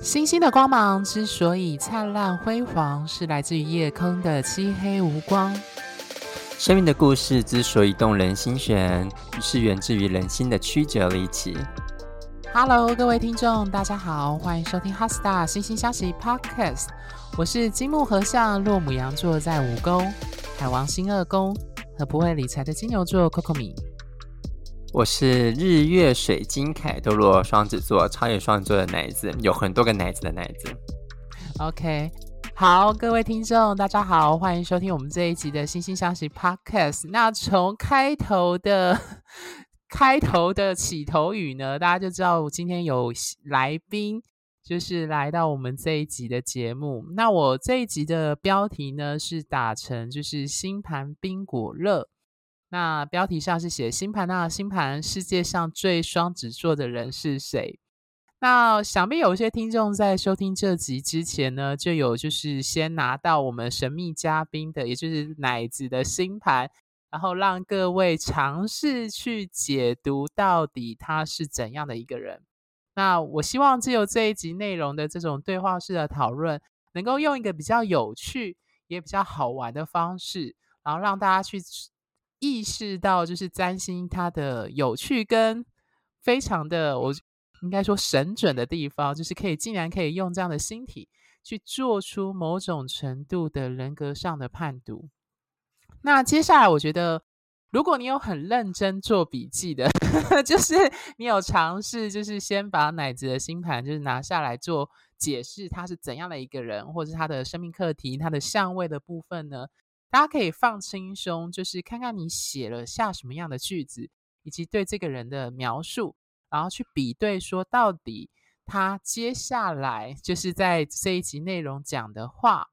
星星的光芒之所以燦爛輝煌，是來自於夜空的漆黑無光。生命的故事之所以動人心弦，是源自於人心的曲折離奇。Hello，各位聽眾，大家好，歡迎收聽 HeartStar 心星相惜 Podcast。我是金木合相，落牡羊座在五宮，海王星二宮，和不會理財的金牛座 Cocome。Kukumi 我是日月水晶凱，多落雙子座，超越雙子座的奶子，有很多個奶子的奶子。OK，好，各位聽眾，大家好，歡迎收聽我們這一集的《心星相惜 Podcast。那從開頭的開頭的起頭語呢，大家就知道我今天有來賓，就是來到我們這一集的節目。那我這一集的標題呢，是打成就是星盤賓果樂。那標題上是寫星盤啊，星盤世界上最雙子座的人是誰？那想必有一些聽眾在收聽這集之前呢，就有就是先拿到我們神秘嘉賓的，也就是奶子的星盤，然後讓各位嘗試去解讀到底他是怎樣的一個人。那我希望藉由這一集內容的這種對話式的討論，能夠用一個比較有趣也比較好玩的方式，然後讓大家去。意識到就是占星它，的有趣跟非常的，我應該說神準的地方，就是可以竟然可以用這樣的星體去做出某種程度的人格上的判讀。那接下來，我覺得如果你有很認真做筆記的，呵呵就是你有嘗試，就是先把奶子的星盤就是拿下來做解釋，他是怎樣的一個人，或者是他的生命課題、他的相位的部分呢？大家可以放輕鬆，就是看看你寫了下什麼樣的句子，以及對這個人的描述，然後去比對，說到底他接下來就是在這一集內容講的話，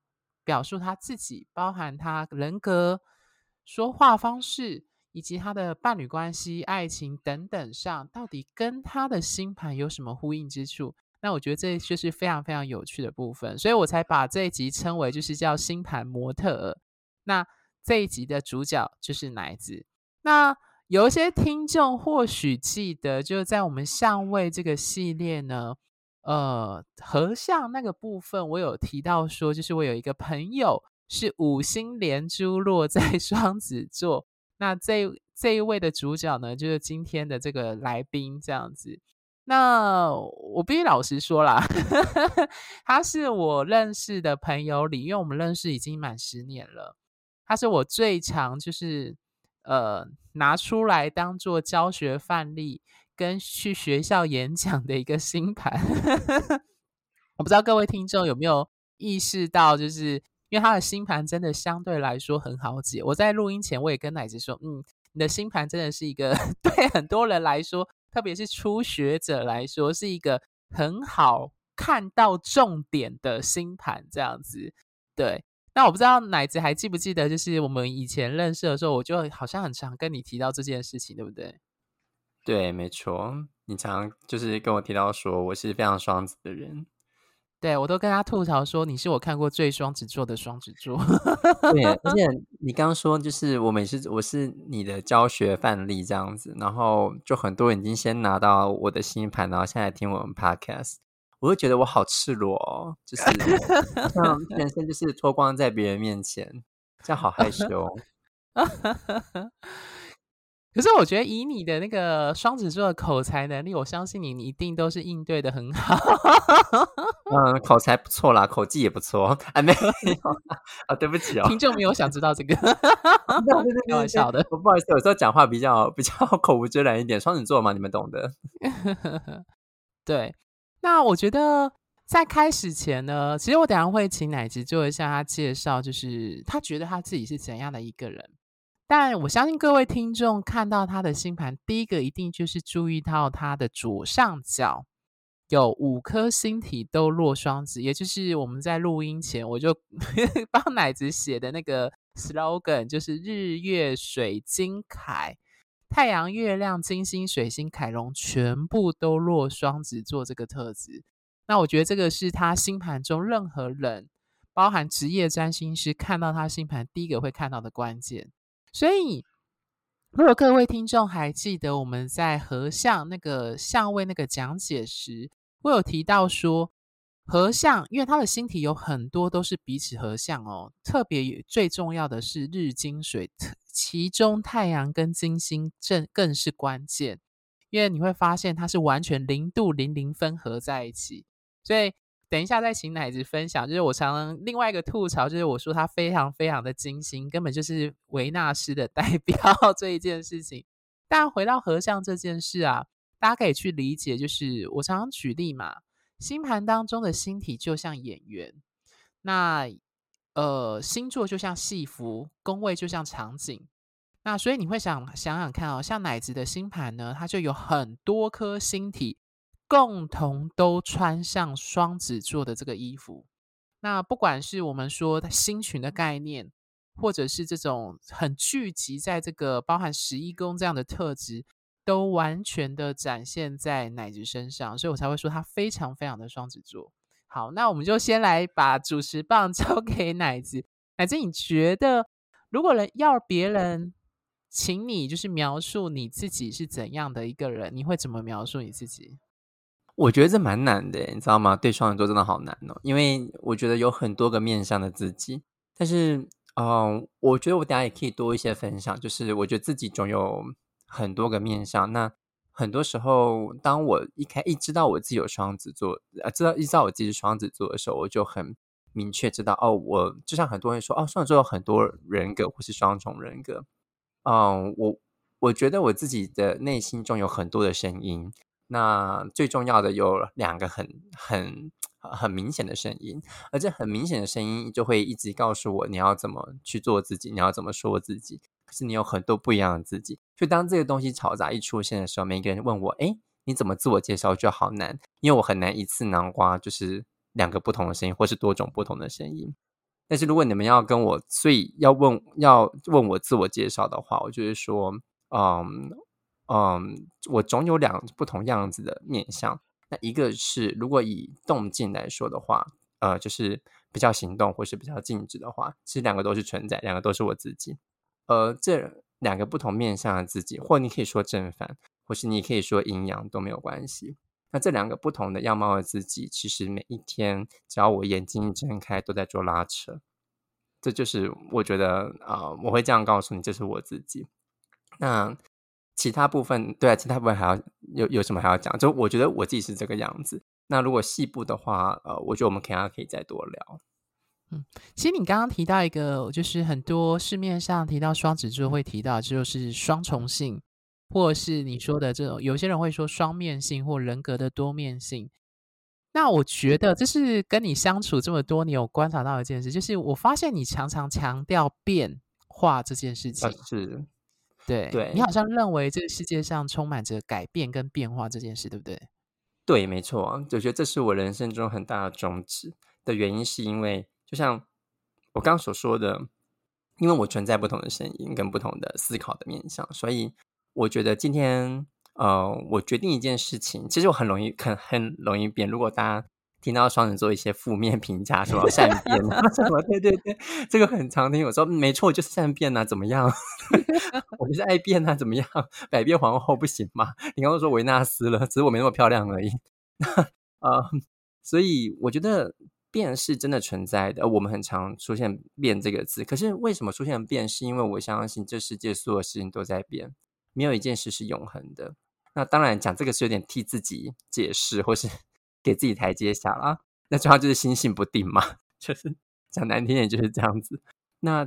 表述他自己，包含他人格、說話方式，以及他的伴侶關係、愛情等等上，到底跟他的星盤有什麼呼應之處？那我覺得這就是非常非常有趣的部分，所以我才把這一集稱為就是叫星盤模特兒。那這一集的主角就是奶子。那有一些聽眾或許記得，就是在我們相位這個系列呢，呃，合相那個部分，我有提到說，就是我有一個朋友是五星連珠落在雙子座。那這一這一位的主角呢，就是今天的這個來賓這樣子。那我必須老實說啦，哈哈哈，他是我認識的朋友裡，因為我們認識已經滿十年了。它是我最常就是呃拿出來當做教學範例跟去學校演講的一個星盤， 我不知道各位聽眾有沒有意識到，就是因為他的星盤真的相對來說很好解。我在錄音前我也跟奶子說，嗯，你的星盤真的是一個對很多人來說，特別是初學者來說是一個很好看到重點的星盤，這樣子，對。那我不知道奶子還記不記得，就是我們以前認識的時候，我就好像很常跟你提到這件事情，對不對？對，沒錯，你常就是跟我提到說我是非常雙子的人，對我都跟他吐槽說你是我看過最雙子座的雙子座。 對，而且你剛剛說就是我每次我是你的教學範例這樣子，然後就很多人已經先拿到我的星盤，然後現在聽我們 Podcast。我會覺得我好赤裸，哦，就是像全身就是脫光在別人面前，這樣好害羞。 可是我覺得以你的那個雙子座的口才能力，我相信你，你一定都是應對得很好。 嗯，口才不錯啦，口技也不錯。啊、哎，沒有，啊、 哦，對不起哦。 聽眾沒有想知道這個，開 不好意思，有時候講話比較，比較口無遮攔一點，雙子座嘛，你們懂的。 對。那我覺得在開始前呢，其實我等一下會請奶子做一下他介紹，就是他覺得他自己是怎樣的一個人。但我相信各位聽眾看到他的星盤，第一個一定就是注意到他的左上角有五顆星體都落雙子，也就是我們在錄音前我就 幫奶子寫的那個 slogan，就是日月水金凱。太陽、月亮、金星、水星、凱龍全部都落雙子座，這個特質，那我覺得這個是他星盤中任何人，包含職業占星師看到他星盤第一個會看到的關鍵。所以，如果各位聽眾還記得我們在合相那個相位那個講解時，我有提到說。合相，因為它的星體有很多都是彼此合相哦，特別最重要的是日金水，其中太陽跟金星正更是關鍵，因為你會發現它是完全零度零零分合在一起。所以等一下再請乃子分享，就是我常常另外一個吐槽，就是我說它非常非常的金星，根本就是維納斯的代表這一件事情。但回到合相這件事啊，大家可以去理解，就是我常常舉例嘛。星盤當中的星體就像演員，那呃星座就像戲服，宮位就像場景。那所以你會想想想看啊、哦，像奶子的星盤呢，它就有很多顆星體共同都穿上雙子座的這個衣服。那不管是我們說星群的概念，或者是這種很聚集在這個包含十一宮這樣的特質。都完全的展現在奶子身上，所以我才會說他非常非常的雙子座。好，那我們就先來把主持棒交給奶子。奶子，你覺得如果要別人請你，就是描述你自己是怎樣的一個人，你會怎麼描述你自己？我覺得這蠻難的，你知道嗎？對，雙子座真的好難哦，因為我覺得有很多個面向的自己。但是，嗯、呃，我覺得我大家也可以多一些分享，就是我覺得自己總有。很多個面向。那很多時候，當我一開一知道我自己有雙子座，呃、啊，知道一知道我自己是雙子座的時候，我就很明確知道，哦，我就像很多人說，哦，雙子座有很多人格或是雙重人格。嗯，我我覺得我自己的內心中有很多的聲音。那最重要的有兩個很很很明顯的聲音，而這很明顯的聲音就會一直告訴我，你要怎麼去做自己，你要怎麼說自己。是你有很多不一樣的自己，所以當這個東西嘈雜一出現的時候，每一個人問我：“哎，你怎麼自我介紹？”就好難，因為我很難一次囊括就是兩個不同的聲音，或是多種不同的聲音。但是如果你們要跟我，所以要問要問我自我介紹的話，我就是說：嗯嗯，我總有兩不同樣子的面相。那一個是如果以動靜來說的話，呃，就是比較行動或是比較靜止的話，其實兩個都是存在，兩個都是我自己。呃，這兩個不同面向的自己，或你可以說正反，或是你可以說陰陽都沒有關係。那這兩個不同的樣貌的自己，其實每一天只要我眼睛一睜開，都在做拉扯。這就是我覺得，呃，我會這樣告訴你，這是我自己。那其他部分，對啊，其他部分還要有有什麼還要講？就我覺得我自己是這個樣子。那如果細部的話，呃，我覺得我們可以還可以再多聊。嗯，其實你剛剛提到一個，就是很多市面上提到雙子座會提到，就是雙重性，或者是你說的這種，有些人會說雙面性或人格的多面性。那我覺得，這是跟你相處這麼多年，我觀察到的一件事，就是我發現你常常強調變化這件事情。啊，是，對，對你好像認為這個世界上充滿着改變跟變化這件事，對不對？對，沒錯，我覺得這是我人生中很大的宗旨的原因，是因為。就像我剛剛所說的，因為我存在不同的聲音跟不同的思考的面向，所以我覺得今天、呃、我決定一件事情，其實我很容易，很很容易變。如果大家聽到雙子座一些負面評價，說善變、啊、什麼對對對，這個很常聽。我說沒錯，就是善變吶、啊，怎麼樣？ 我就是愛變吶、啊，怎麼樣？百變皇後不行嗎？你剛剛說維納斯了，只是我沒那麼漂亮而已啊、 呃。所以我覺得。變是真的存在的，哦、我們很常出現“變”這個字。可是為什麼出現“變”？是因為我相信這世界所有的事情都在變，沒有一件事是永恆的。那當然講這個是有點替自己解釋，或是給自己台階下了。那主要就是心性不定嘛，就是講難聽點就是這樣子。 那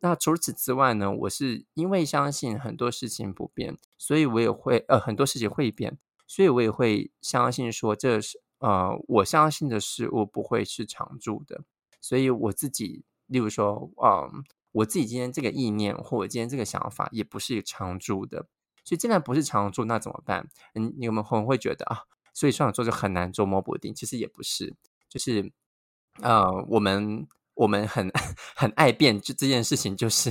那除此之外呢？我是因為相信很多事情不變，所以我也會呃很多事情會變，所以我也會相信說這是。呃，我相信的事物不會是常住的，所以我自己，例如說，呃，我自己今天這個意念或我今天這個想法也不是常住的，所以既然不是常住，那怎麼辦？嗯，你有沒有可能會覺得啊，所以雙子座就很難捉摸不定。其實也不是，就是呃，我們我們很很愛變，就這件事情就是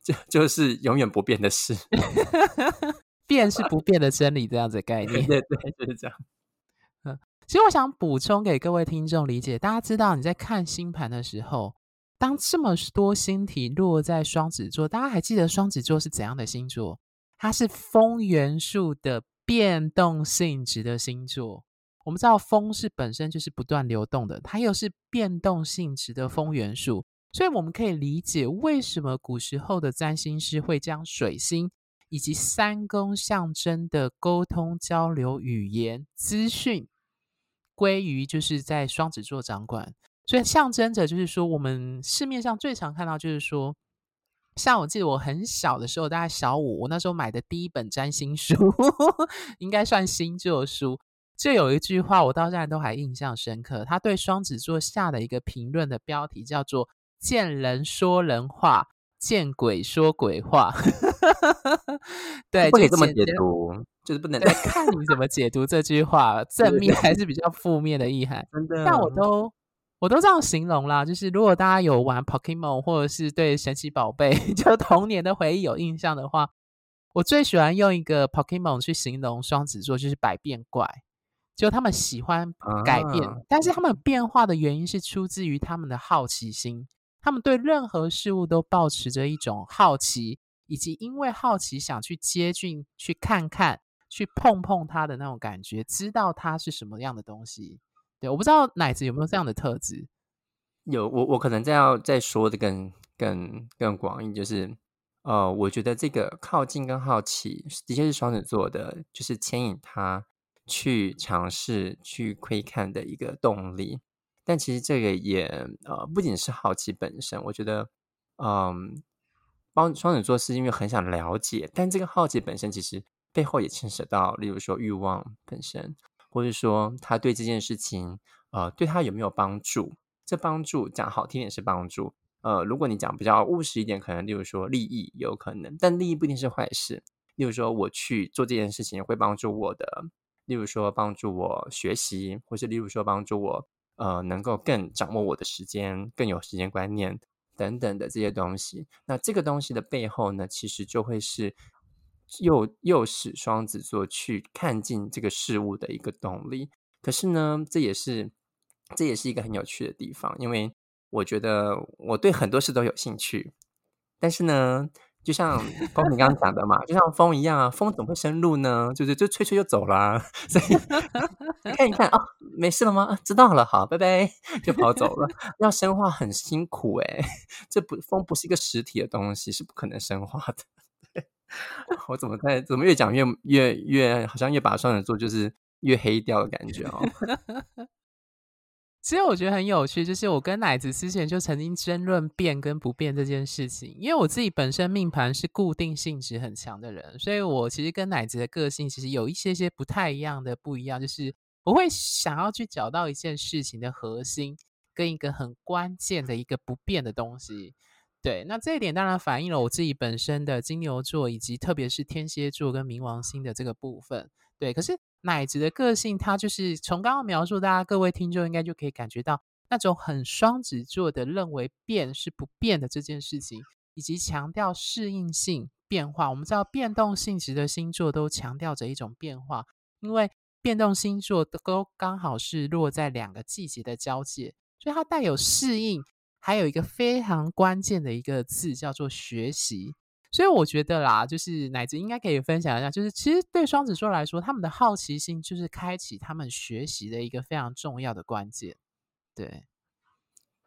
就就是永遠不變的事， 變是不變的真理這樣子的概念。 對，對對，就是這樣。其實我想補充給各位聽眾理解，大家知道你在看星盤的時候，當這麼多星體落在雙子座，大家還記得雙子座是怎樣的星座？它是風元素的變動性質的星座。我們知道風是本身就是不斷流動的，它又是變動性質的風元素，所以我們可以理解為什麼古時候的占星師會將水星以及三宮象徵的溝通、交流、語言、資訊。歸於就是在雙子座掌管，所以象徵着就是說，我們市面上最常看到就是說，像我記得我很小的時候，大概小五，我那時候買的第一本占星書， 應該算星座書，就有一句話，我到現在都還印象深刻，他對雙子座下的一個評論的標題叫做“見人說人話”。見鬼說鬼話， 對，不可以這麼解讀， 就是不能看你怎麼解讀這句話， 正面還是比較負面的意涵。但我都我都這樣形容啦，就是如果大家有玩 Pokemon 或者是對神奇寶貝，就童年的回憶有印象的話，我最喜歡用一個 Pokemon 去形容雙子座，就是百變怪，就他們喜歡改變，啊啊但是他們變化的原因是出自於他們的好奇心。他們對任何事物都保持着一種好奇，以及因為好奇想去接近、去看看、去碰碰它的那種感覺，知道它是什麼樣的東西。對，我不知道奶子有沒有這樣的特質。有，我我可能再要再說的更更更廣義，就是呃，我覺得這個靠近跟好奇的確是雙子座的，就是牽引他去嘗試、去窺看的一個動力。但其實這個也呃，不僅是好奇本身，我覺得，嗯，幫雙子座是因為很想了解，但這個好奇本身其實背後也牽扯到，例如說欲望本身，或者說他對這件事情，呃，對他有沒有幫助？這幫助講好聽點是幫助，呃，如果你講比較務實一點，可能例如說利益有可能，但利益不一定是壞事。例如說我去做這件事情會幫助我的，例如說幫助我學習，或者是例如說幫助我。呃，能夠更掌握我的時間，更有時間觀念等等的這些東西。那這個東西的背後呢，其實就會是又又使雙子座去看進這個事物的一個動力。可是呢，這也是這也是一個很有趣的地方，因為我覺得我對很多事都有興趣，但是呢。 就像風你剛剛講的嘛，就像風一樣啊，風怎麼會深入呢？就是就，就吹吹就走啦、啊。所以 看一看啊、哦，沒事了嗎、啊？知道了，好，拜拜，就跑走了。 要深化很辛苦哎、欸，這不風不是一個實體的東西，是不可能深化的。我怎麼在怎麼越講越越越好像越把雙子座就是越黑掉的感覺哦。 其實我覺得很有趣，就是我跟奶子之前就曾經爭論變跟不變這件事情。因為我自己本身命盤是固定性質很強的人，所以我其實跟奶子的個性其實有一些些不太一樣的不一樣，就是我會想要去找到一件事情的核心跟一個很關鍵的一個不變的東西。對，那這一點當然反映了我自己本身的金牛座，以及特別是天蠍座跟冥王星的這個部分。對，可是。奶子的個性，它就是從剛剛描述，大家各位聽眾應該就可以感覺到那種很雙子座的認為變是不變的這件事情，以及強調適應性變化。我們知道變動性質的星座都強調着一種變化，因為變動星座都剛好是落在兩個季節的交界，所以它帶有適應，還有一個非常關鍵的一個字叫做學習。所以我覺得啦，就是乃子應該可以分享一下，就是其實對雙子座來說，他們的好奇心就是開啟他們學習的一個非常重要的關鍵。對，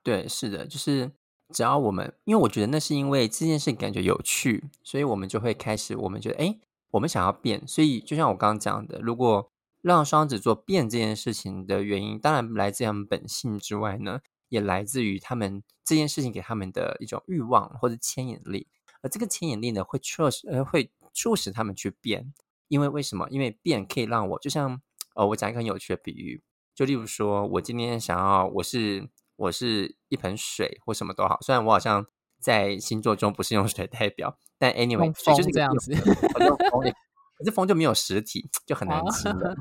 對，是的，就是只要我們，因為我覺得那是因為這件事情感覺有趣，所以我們就會開始。我們覺得，哎，我們想要變。所以就像我剛剛講的，如果讓雙子座變這件事情的原因，當然來自於他們本性之外呢，也來自於他們這件事情給他們的一種慾望或者牽引力。而這個牽引力呢，會促使呃會促使他們去變，因為為什麼？因為變可以讓我就像呃，我講一個很有趣的比喻，就例如說，我今天想要我是我是一盆水或什麼都好，雖然我好像在星座中不是用水代表，但 anyway，就是這樣子。就是這樣子 可是風就沒有實體，就很難吃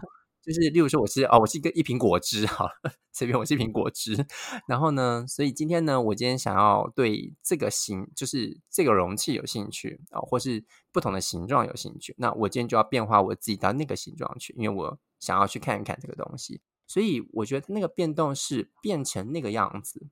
就是，例如說，我是啊、哦，我是一個一瓶果汁哈，這邊我是一瓶果汁，然後呢，所以今天呢，我今天想要對這個形，就是這個容器有興趣啊、哦，或是不同的形狀有興趣，那我今天就要變化我自己到那個形狀去，因為我想要去看一看這個東西。所以我覺得那個變動是變成那個樣子，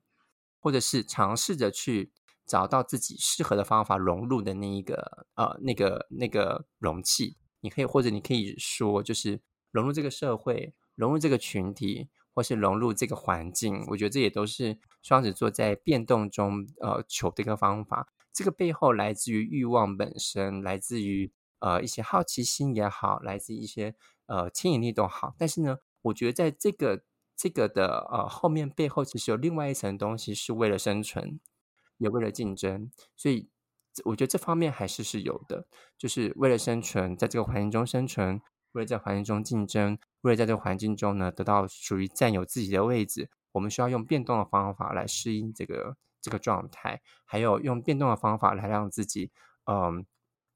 或者是嘗試着去找到自己適合的方法融入的那一個呃，那個那個容器，你可以或者你可以說就是。融入這個社會，融入這個群體，或是融入這個環境，我覺得這也都是雙子座在變動中呃求的一個方法。這個背後來自於慾望本身，來自於呃一些好奇心也好，來自一些呃牽引力都好。但是呢，我覺得在這個這個的呃後面背後，其實有另外一層東西是為了生存，也為了競爭。所以我覺得這方面還是是有的，就是為了生存，在這個環境中生存。為了在環境中競爭，為了在這個環境中呢得到屬於占有自己的位置，我們需要用變動的方法來適應這個這個狀態，還有用變動的方法來讓自己，嗯，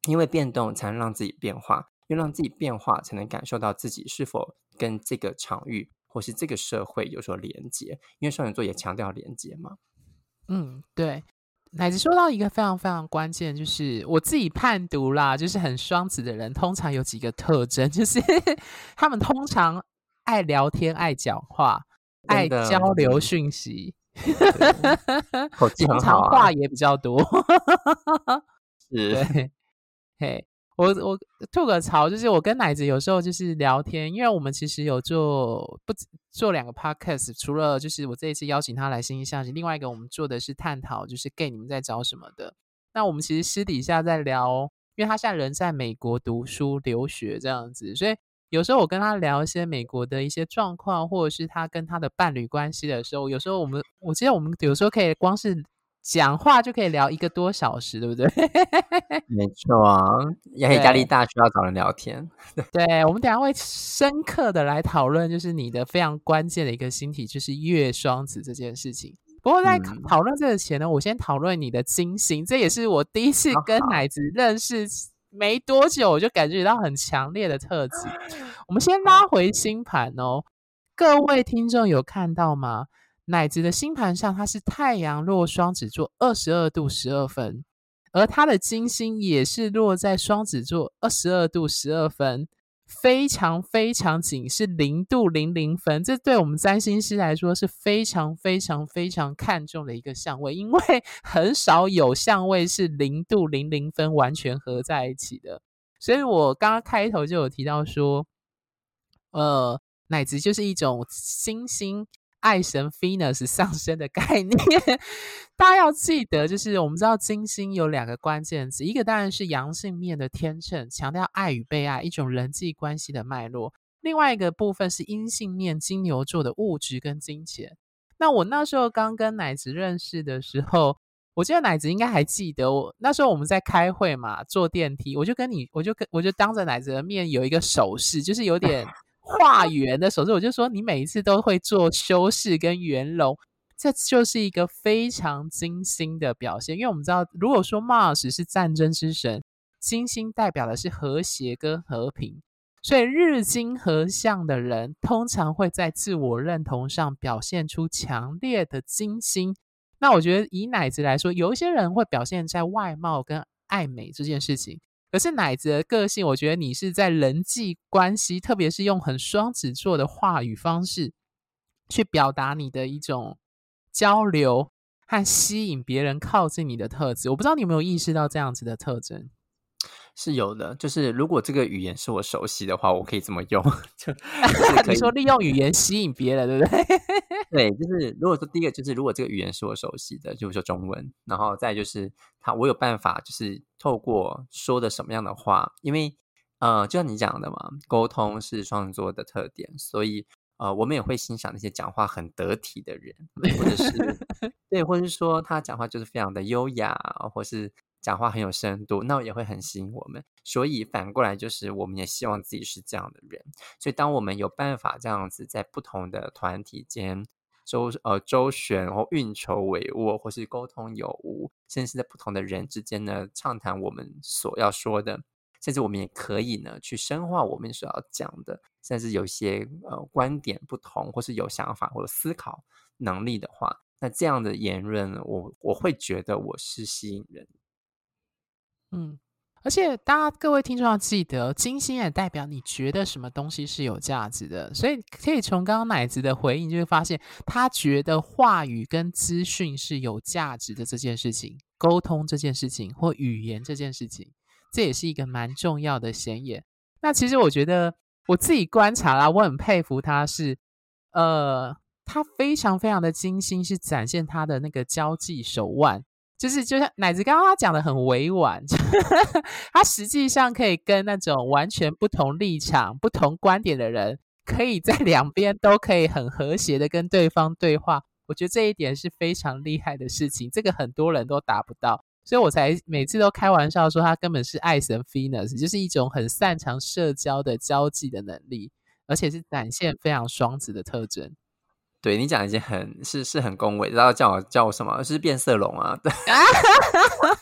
因為變動才能讓自己變化，又讓自己變化才能感受到自己是否跟這個場域或是這個社會有所連接，因為雙魚座也強調連接嘛。嗯，對。乃至說到一個非常非常關鍵，就是我自己判讀啦，就是很雙子的人，通常有幾個特徵，就是他們通常愛聊天、愛講話、愛交流訊息， 通常話也比較多，啊、 是，嘿。Hey. 我我，吐個槽，就是我跟奶子有時候就是聊天。因為我們其實有做不止做兩個 podcast。除了就是我這一次邀請他來心星相惜，另外一個我們做的是探討，就是 gay 你們在找什麼的。那我們其實私底下在聊，因為他現在人在美國讀書留學這樣子，所以有時候我跟他聊一些美國的一些狀況，或者是他跟他的伴侶關係的時候，有時候我們我記得我們有時候可以光是。講話就可以聊一個多小時，對不對？ 沒錯啊，壓力壓力大，需要找人聊天。 對，我們等一下會深刻的來討論，就是你的非常關鍵的一個星體，就是月雙子這件事情。不過在討論這個前呢，嗯、我先討論你的金星，這也是我第一次跟奶子認識沒多久，我就感覺到很強烈的特質。 我們先拉回星盤哦，各位聽眾有看到嗎？奶子的星盤上，它是太陽落雙子座二十二度十二分，而他的金星也是落在雙子座二十二度十二分，非常非常緊，是零度零零分。這對我們占星師來說是非常非常非常看重的一個相位，因為很少有相位是零度零零分完全合在一起的。所以我剛剛開頭就有提到說，呃，奶子就是一種星星。愛神菲 e n s 上升的概念，大家要記得，就是我們知道金星有兩個關鍵詞，一個當然是陽性面的天秤，強調愛與被愛一種人際關係的脈絡；另外一個部分是陰性面金牛座的物質跟金錢。那我那時候剛跟奶子認識的時候，我記得奶子應該還記得，我那時候我們在開會嘛，坐電梯，我就跟你，我就跟我就當着奶子的面有一個手勢，就是有點。化圓的手勢我就說，你每一次都會做修飾跟圓融，這就是一個非常精心的表現。因為我們知道，如果說貓老 s 是戰爭之神，金星代表的是和諧跟和平，所以日金合相的人通常會在自我認同上表現出強烈的金星。那我覺得以奶子來說，有一些人會表現在外貌跟愛美這件事情。可是奶子的個性，我覺得你是在人際關係，特別是用很雙子座的話語方式，去表達你的一種交流和吸引別人靠近你的特質。我不知道你有沒有意識到這樣子的特徵。是有的，就是如果這個語言是我熟悉的話，我可以這麼用？就 可以 你說利用語言吸引別人，對不對？ 對，就是如果說第一個就是如果這個語言是我熟悉的，就是說中文，然後再就是他，我有辦法就是透過說的什麼樣的話，因為呃，就像你講的嘛，溝通是雙子座的特點，所以呃，我們也會欣賞那些講話很得體的人，或者是 對，或者是說他講話就是非常的優雅，或是。講話很有深度，那也會很吸引我們。所以反過來，就是我們也希望自己是這樣的人。所以，當我們有辦法這樣子在不同的團體間周呃周旋或運籌帷幄，或是溝通有無，甚至在不同的人之間呢暢談我們所要說的，甚至我們也可以呢去深化我們所要講的，甚至有一些呃觀點不同或是有想法或者思考能力的話，那這樣的言論，我我會覺得我是吸引人。嗯，而且大家各位聽眾要記得，金星也代表你覺得什麼東西是有價值的，所以可以從剛剛奶子的回應，就會發現他覺得話語跟資訊是有價值的這件事情，溝通這件事情或語言這件事情，這也是一個蠻重要的顯眼。那其實我覺得我自己觀察啦，我很佩服他是，呃，他非常非常的金星是展現他的那個交際手腕。就是，就像奶子剛剛他講的很委婉，哈哈哈。他實際上可以跟那種完全不同立場、不同觀點的人，可以在兩邊都可以很和諧的跟對方對話。我覺得這一點是非常厲害的事情，這個很多人都達不到，所以我才每次都開玩笑說他根本是愛神 Venus，就是一種很擅長社交的交際的能力，而且是展現非常雙子的特徵。對，你講的已經很是是很恭維，然後叫我叫我什麼是，是變色龍啊。對啊。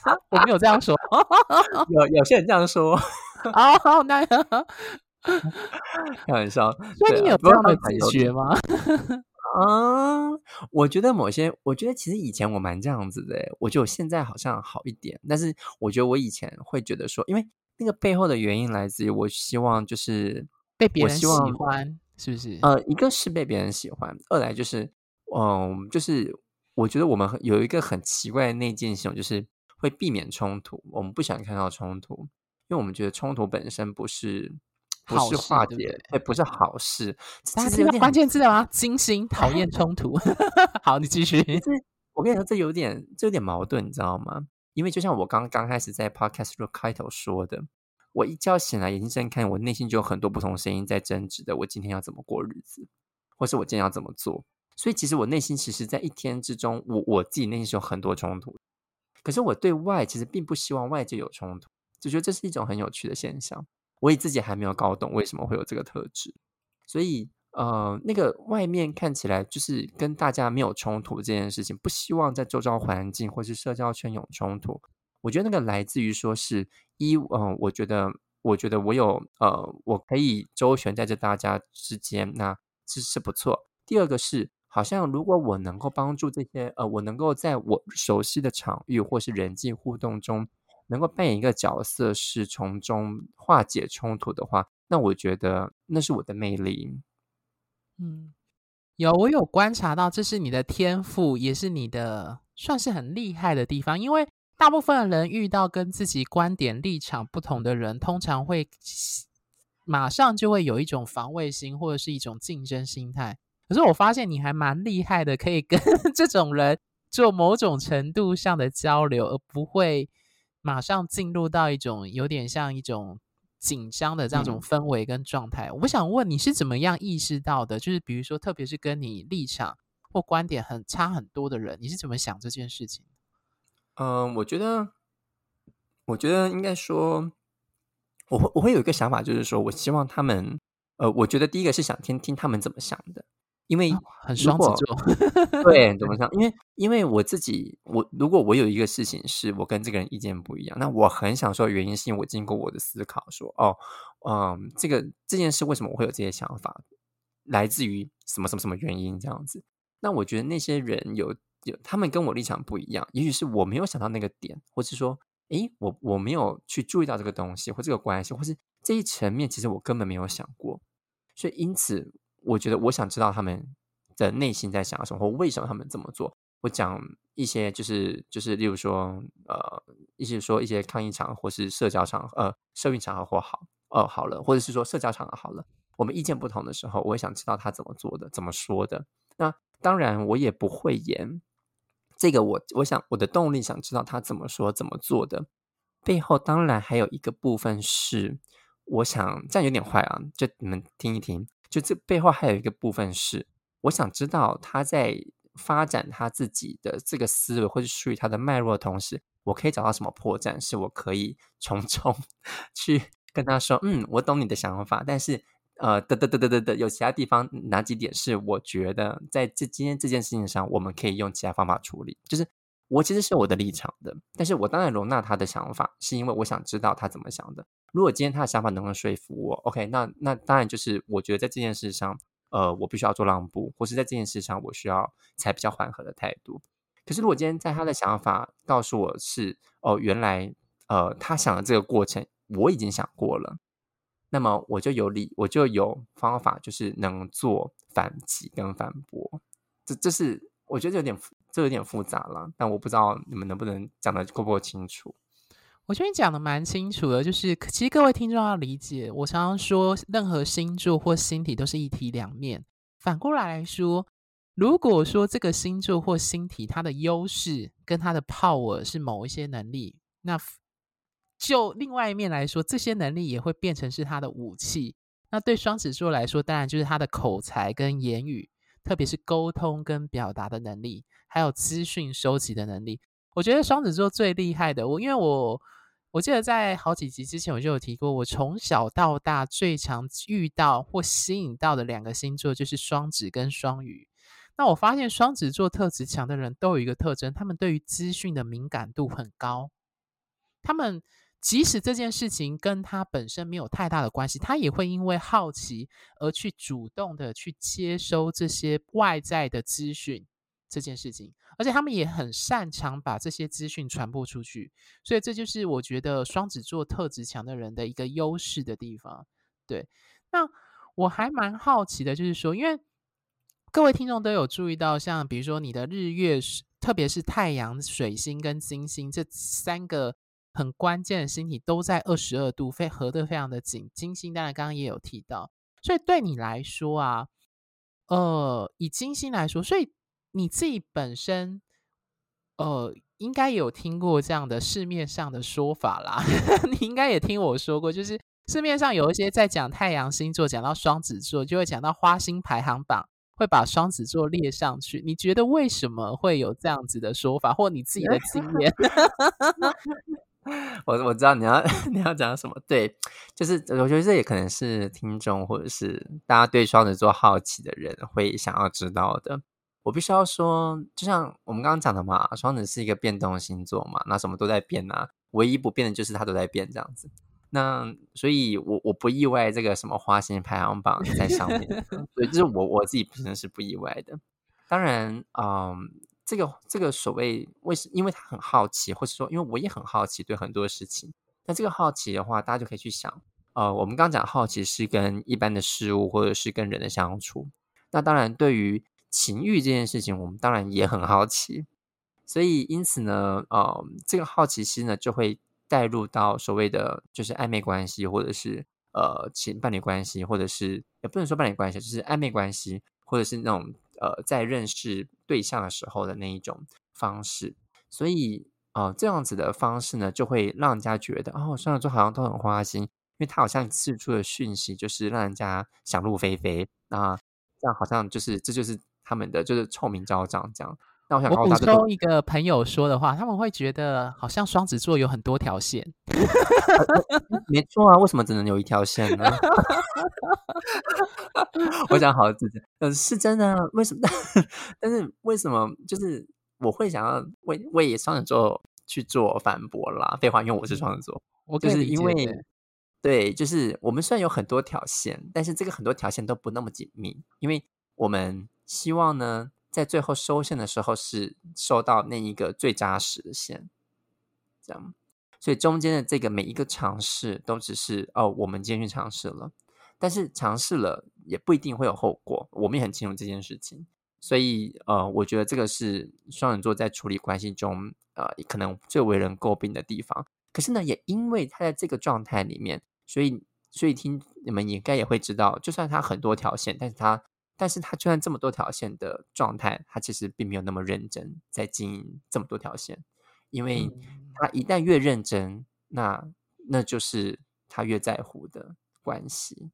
啊？我沒有這樣說，啊、有有些人這樣說。好好難， 開玩笑。那你有這樣的自覺嗎？啊， uh, 我覺得某些，我覺得其實以前我蠻這樣子的，我就現在好像好一點。但是我覺得我以前會覺得說，因為那個背後的原因來自於我希望就是被別人喜歡。是不是？呃，一個是被別人喜歡，二來就是，嗯、呃，就是我覺得我們有一個很奇怪的內建系統，就是會避免衝突。我們不想看到衝突，因為我們覺得衝突本身不是不是化解，哎，不是好事。但是關鍵知道嗎？金星討厭衝突。 好，你繼續。這我跟你說，這有點這有點矛盾，你知道嗎？因為就像我剛剛開始在 podcast 開頭說的。我一覺醒來，眼睛睜開，我內心就有很多不同聲音在爭執的。我今天要怎麼過日子，或是我今天要怎麼做？所以，其實我內心其實，在一天之中，我我自己內心是有很多衝突。可是，我對外其實並不希望外界有衝突，就覺得這是一種很有趣的現象。我也自己還沒有搞懂為什麼會有這個特質。所以，呃，那個外面看起來就是跟大家沒有衝突這件事情，不希望在周遭環境或是社交圈有衝突。我覺得那個來自於說是一，呃，我覺得，我覺得我有，呃，我可以周旋在這大家之間，那這是，是不錯。第二個是，好像如果我能夠幫助這些，呃，我能夠在我熟悉的場域或是人際互動中，能夠扮演一個角色，是從中化解衝突的話，那我覺得那是我的魅力。嗯，有，我有觀察到，這是你的天賦，也是你的算是很厲害的地方，因為。大部分的人遇到跟自己觀點立場不同的人，通常會馬上就會有一種防衛心，或者是一種競爭心態。可是我發現你還蠻厲害的，可以跟 這種人做某種程度上的交流，而不會馬上進入到一種有點像一種緊張的這樣一種氛圍跟狀態。嗯。我想問你是怎麼樣意識到的？就是比如說，特別是跟你立場或觀點很差很多的人，你是怎麼想這件事情？嗯、呃，我覺得，我覺得應該說，我會我會有一個想法，就是說我希望他們，呃，我覺得第一個是想聽聽他們怎麼想的，因為、啊、很雙子座， 對怎麼想？因為因為我自己，我如果我有一個事情是我跟這個人意見不一樣，那我很想說原因是因為我經過我的思考說，說哦，嗯，這個這件事為什麼我會有這些想法，來自於什麼什麼什麼原因這樣子？那我覺得那些人有。他們跟我立場不一樣，也許是我沒有想到那個點，或是說，誒，我我沒有去注意到這個東西，或這個關係，或是這一層面，其實我根本沒有想過。所以，因此，我覺得我想知道他們的內心在想要什麼，或為什麼他們這麼做。我講一些、就是，就是就是，例如說，呃，一些說一些抗議場，或是社交場，呃，社運場合，或或好，呃，好了，或者是說社交場合好了，我們意見不同的時候，我也想知道他怎麼做的，怎麼說的。那當然，我也不諱言。這個我我想我的動力想知道他怎麼說怎麼做的背後，當然還有一個部分是我想這樣有點壞啊，就你們聽一聽，就這背後還有一個部分是我想知道他在發展他自己的這個思維或者屬於他的脈絡的同時，我可以找到什麼破綻，是我可以從中去跟他說，嗯，我懂你的想法，但是。呃，得得得得得得，有其他地方哪幾點是我覺得在這今天這件事情上，我們可以用其他方法處理。就是我其實是我的立場的，但是我當然容納他的想法，是因為我想知道他怎麼想的。如果今天他的想法能夠說服我，OK，那那當然就是我覺得在這件事上，呃，我必須要做讓步，或是在這件事上我需要才比較緩和的態度。可是如果今天在他的想法告訴我是哦，呃，原來呃他想的這個過程我已經想過了。那麼我就有理，我就有方法，就是能做反擊跟反駁。這這是我覺得有點這有點複雜啦，但我不知道你們能不能講的夠不夠清楚。我覺得你講的蠻清楚的，就是其實各位聽眾要理解，我常常說，任何星座或星體都是一體兩面。反過來來說，如果說這個星座或星體它的優勢跟它的 power 是某一些能力，那。就另外一面來說，這些能力也會變成是他的武器。那對雙子座來說，當然就是他的口才跟言語，特別是溝通跟表達的能力，還有資訊收集的能力。我覺得雙子座最厲害的，我因為我我記得在好幾集之前我就有提過，我從小到大最常遇到或吸引到的兩個星座就是雙子跟雙魚。那我發現雙子座特質強的人都有一個特徵，他們對於資訊的敏感度很高，他們。即使這件事情跟他本身沒有太大的關係，他也會因為好奇而去主動的去接收這些外在的資訊。這件事情，而且他們也很擅長把這些資訊傳播出去。所以，這就是我覺得雙子座特質強的人的一個優勢的地方。對，那我還蠻好奇的，就是說，因為各位聽眾都有注意到，像比如說你的日月，特別是太陽、水星跟金星這三個。很關鍵的星體都在二十二度，合得非常的緊。金星當然剛剛也有提到，所以對你來說啊，呃，以金星來說，所以你自己本身，呃，應該有聽過這樣的市面上的說法啦。 你應該也聽我說過，就是市面上有一些在講太陽星座，講到雙子座就會講到花心排行榜，會把雙子座列上去。你覺得為什麼會有這樣子的說法，或你自己的經驗？ 我我知道你要你要講什麼，對，就是我覺得這也可能是聽眾或者是大家對雙子座好奇的人會想要知道的。我必須要說，就像我們剛剛講的嘛，雙子是一個變動星座嘛，那什麼都在變啊，唯一不變的就是它都在變這樣子。那所以我，我我不意外這個什麼花心排行榜在上面， 所以就是我我自己本身是不意外的。當然，嗯。這個這個所謂為什，因為他很好奇，或者說，因為我也很好奇，對很多事情。那這個好奇的話，大家就可以去想，呃，我們剛講好奇是跟一般的事物，或者是跟人的相處。那當然，對於情欲這件事情，我們當然也很好奇。所以因此呢，呃，這個好奇心呢，就會帶入到所謂的就是曖昧關係，或者是呃情伴侶關係，或者是也不能說伴侶關係，就是曖昧關係，或者是那種。呃，在認識對象的時候的那一種方式，所以，呃，這樣子的方式呢，就會讓人家覺得，哦，雙子座好像都很花心，因為他好像釋出的訊息就是讓人家想入非非啊，這樣好像就是這就是他們的就是臭名昭彰這樣。那我想，我補充一個朋友說的話，他們會覺得好像雙子座有很多條線， 啊啊、沒錯啊，為什麼只能有一條線呢？ 我想好，嗯，是真的，啊，為什麼？但是為什麼就是我會想要為為雙子座去做反駁啦？廢話，因為我是雙子座，我可就是因為對，對，就是我們雖然有很多條線，但是這個很多條線都不那麼緊密，因為我們希望呢。在最後收線的時候，是收到那一個最紮實的線，這樣。所以中間的這個每一個嘗試，都只是哦，我們今天去嘗試了，但是嘗試了也不一定會有後果，我們也很清楚這件事情。所以呃，我覺得這個是雙子座在處理關係中，呃，可能最為人詬病的地方。可是呢，也因為他在這個狀態裡面，所以所以聽你們應該也會知道，就算他很多條線，但是他。但是他就算這麼多條線的狀態，他其實並沒有那麼認真在經營這麼多條線，因為他一旦越認真，那那就是他越在乎的關係。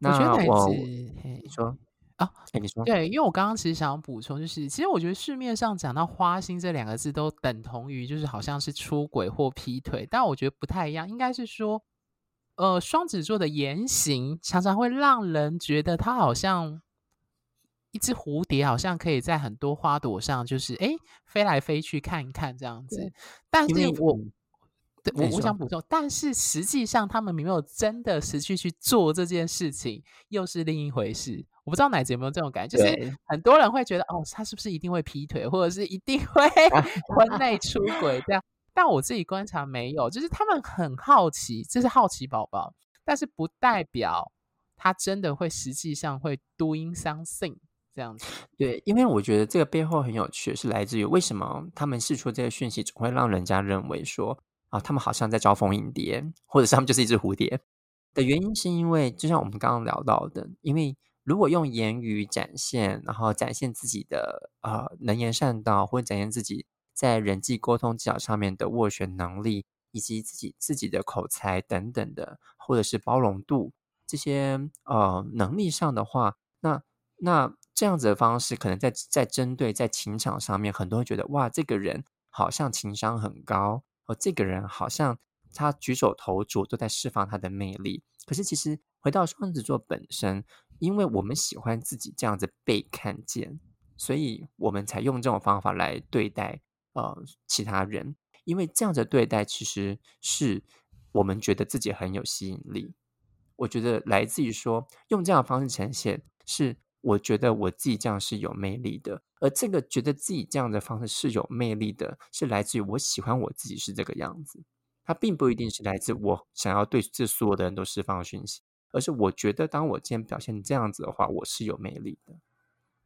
我覺得還是我嘿你說，嘿你說啊，你說對，因為我剛剛其實想補充，就是其實我覺得市面上講到花心這兩個字，都等同於就是好像是出軌或劈腿，但我覺得不太一樣，應該是說。呃，雙子座的言行常常會讓人覺得他好像一隻蝴蝶，好像可以在很多花朵上，就是哎，飛來飛去看一看這樣子。對，但是我我對想我想補充，但是實際上他們沒有真的實際去做這件事情，又是另一回事。我不知道奶姐有沒有這種感覺，就是很多人會覺得哦，他是不是一定會劈腿，或者是一定會婚內出軌、啊、這樣。但我自己觀察沒有，就是他們很好奇，這是好奇寶寶，但是不代表他真的會實際上會 doing something 這樣子。對，因為我覺得這個背後很有趣，是來自於為什麼他們釋出這些訊息，總會讓人家認為說啊，他們好像在招蜂引蝶，或者是他們就是一隻蝴蝶的原因，是因為就像我們剛剛聊到的，因為如果用言語展現，然後展現自己的啊、呃、能言善道，或者展現自己。在人際溝通技巧上面的斡旋能力，以及自己自己的口才等等的，或者是包容度這些呃能力上的話，那那這樣子的方式，可能在在針對在情場上面，很多人覺得哇，這個人好像情商很高，哦、呃，這個人好像他舉手投足都在釋放他的魅力。可是其實回到雙子座本身，因為我們喜歡自己這樣子被看見，所以我們才用這種方法來對待。呃，其他人，因為這樣的對待其實是我們覺得自己很有吸引力。我覺得來自於說，用這樣的方式呈現，是我覺得我自己這樣是有魅力的。而這個覺得自己這樣的方式是有魅力的，是來自於我喜歡我自己是這個樣子。它並不一定是來自我想要對這所有的人都釋放訊息，而是我覺得當我今天表現這樣子的話，我是有魅力的。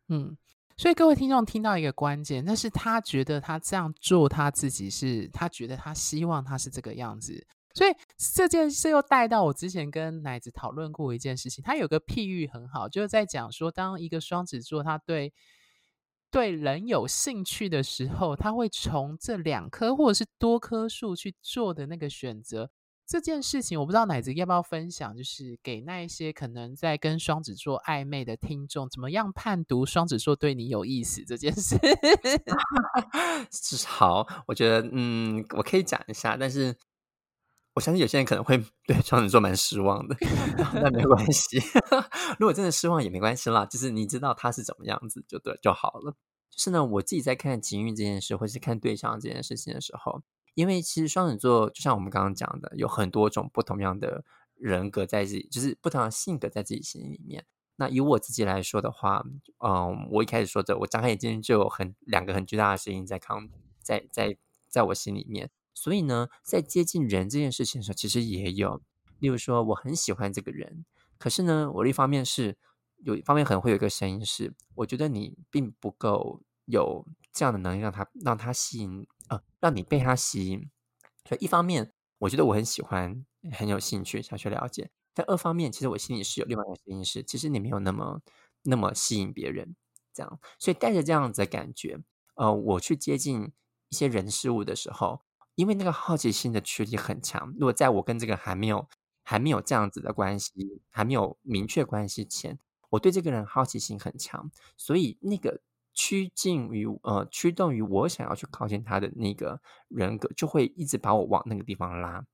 嗯。所以各位聽眾聽到一個關鍵，那是他覺得他這樣做他自己是，他覺得他希望他是這個樣子。所以這件事又帶到我之前跟奶子討論過一件事情，他有個譬喻很好，就是在講說，當一個雙子座他對對人有興趣的時候，他會從這兩棵或者是多棵樹去做的那個選擇。這件事情我不知道奶子，要不要分享，就是給那一些可能在跟雙子座曖昧的聽眾，怎麼樣判讀雙子座對你有意思這件事 是。好，我覺得嗯，我可以講一下，但是我相信有些人可能會對雙子座蠻失望的，那 沒關係，如果真的失望也沒關係啦，就是你知道他是怎麼樣子就對就好了。就是呢，我自己在看情運這件事，或是看對象這件事情的時候。因為其實雙子座就像我們剛剛講的，有很多種不同樣的人格在自己，就是不同的性格在自己心裡面。那以我自己來說的話，嗯，我一開始說的，我張開眼睛就有很兩個很巨大的聲音在康在在在我心裡面。所以呢，在接近人這件事情的時候，其實也有，例如說我很喜歡這個人，可是呢，我的一方面是有一方面可能會有一個聲音是，我覺得你並不夠有。這樣的能力讓他讓他吸引啊，呃，讓你被他吸引。所以一方面，我覺得我很喜歡，很有興趣想去了解；但二方面，其實我心裡是有另外一個聲音，是其實你沒有那麼那麼吸引別人。這樣，所以帶着這樣子的感覺，呃，我去接近一些人事物的時候，因為那個好奇心的驅力很強。如果在我跟這個還沒有還沒有這樣子的關係，還沒有明確關係前，我對這個人好奇心很強，所以那個。趨近於呃，驅動於我想要去靠近他的那個人格，就會一直把我往那個地方拉，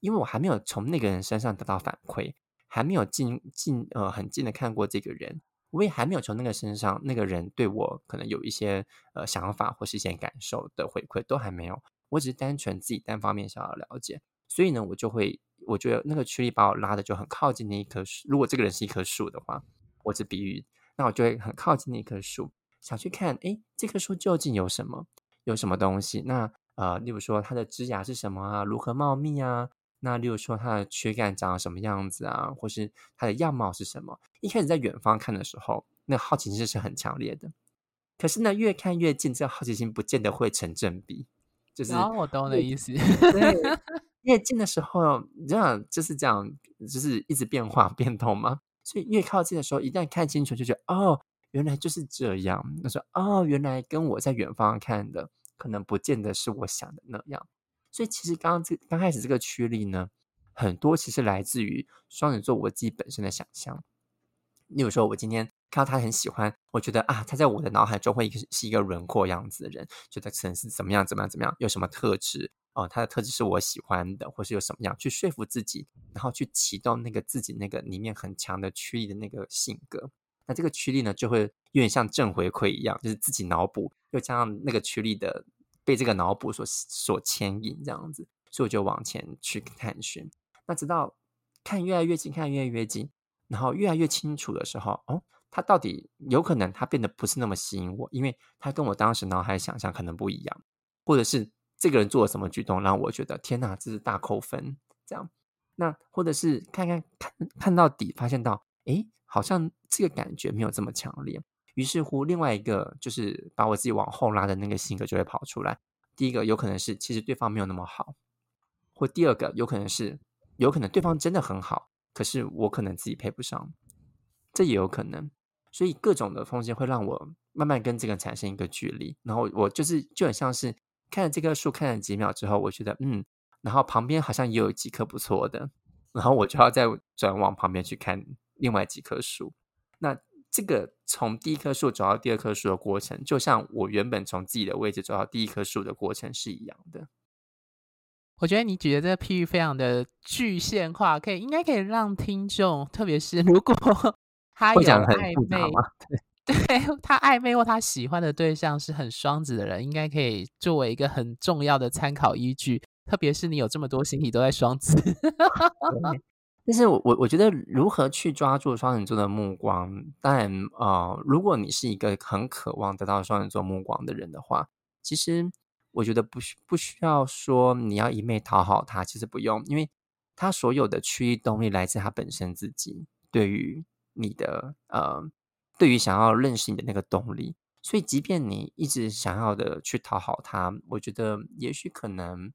因為我還沒有從那個人身上得到反饋，還沒有近近呃很近的看過這個人，我也還沒有從那個身上，那個人對我可能有一些呃想法或是一些感受的回饋都還沒有，我只是單純自己單方面想要了解，所以呢，我就會我覺得那個驅力把我拉的就很靠近那一棵樹，如果這個人是一棵樹的話，我只比喻，那我就會很靠近那棵樹。想去看，哎，這棵、個、樹究竟有什麼？有什麼東西？那呃，例如說，它的枝芽是什麼啊？如何茂密啊？那例如說，它的軀幹長什麼樣子啊？或是它的樣貌是什麼？一開始在遠方看的時候，那好奇心是很強烈的。可是呢，越看越近，這個，好奇心不見得會成正比。就是我懂你的意思。越 近的時候，這樣就是這樣，就是一直變化變動嘛。所以越靠近的時候，一旦看清楚，就覺得哦。原來就是這樣，他說：“哦，原來跟我在遠方看的，可能不見得是我想的那樣。”所以，其實剛剛這剛開始這個驅力呢，很多其實來自於雙子座我自己本身的想象。例如說，我今天看到他很喜歡，我覺得啊，他在我的腦海中會是一個，是一個輪廓樣子的人，覺得可能是怎麼樣怎麼樣怎麼樣，有什麼特質哦，他的特質是我喜歡的，或是有什麼樣去說服自己，然後去啟動那個自己那個裡面很強的驅力的那個性格。這個驅力呢，就會有點像正回饋一樣，就是自己腦補，又加上那個驅力的被這個腦補所所牽引，這樣子，所以我就往前去探尋，那直到看越來越近，看越來越近，然後越來越清楚的時候，哦，他到底有可能他變得不是那麼吸引我，因為他跟我當時腦海想象可能不一樣，或者是這個人做了什麼舉動讓我覺得天哪，這是大扣分，這樣，那或者是看看看看，看到底發現到，哎。好像這個感覺沒有這麼強烈，於是乎，另外一個就是把我自己往後拉的那個性格就會跑出來。第一個有可能是其實對方沒有那麼好，或第二個有可能是有可能對方真的很好，可是我可能自己配不上，這也有可能。所以各種的風險會讓我慢慢跟這個產生一個距離。然後我就是就很像是看了這棵樹看了幾秒之後，我覺得嗯，然後旁邊好像也有幾棵不錯的，然後我就要再轉往旁邊去看。另外幾棵樹，那這個從第一棵樹走到第二棵樹的過程，就像我原本從自己的位置走到第一棵樹的過程是一樣的。我覺得你舉的這個譬喻非常的具現化，可以應該可以讓聽眾，特別是如果他有曖昧嗎？對對，他曖昧或他喜歡的對象是很雙子的人，應該可以作為一個很重要的參考依據。特別是你有這麼多星體都在雙子。 但是我我我覺得如何去抓住雙子座的目光？當然，呃，如果你是一個很渴望得到雙子座目光的人的話，其實我覺得不不需要說你要一昧討好他，其實不用，因為他所有的驅動力來自他本身自己對於你的呃，對於想要認識你的那個動力。所以，即便你一直想要的去討好他，我覺得也許可能，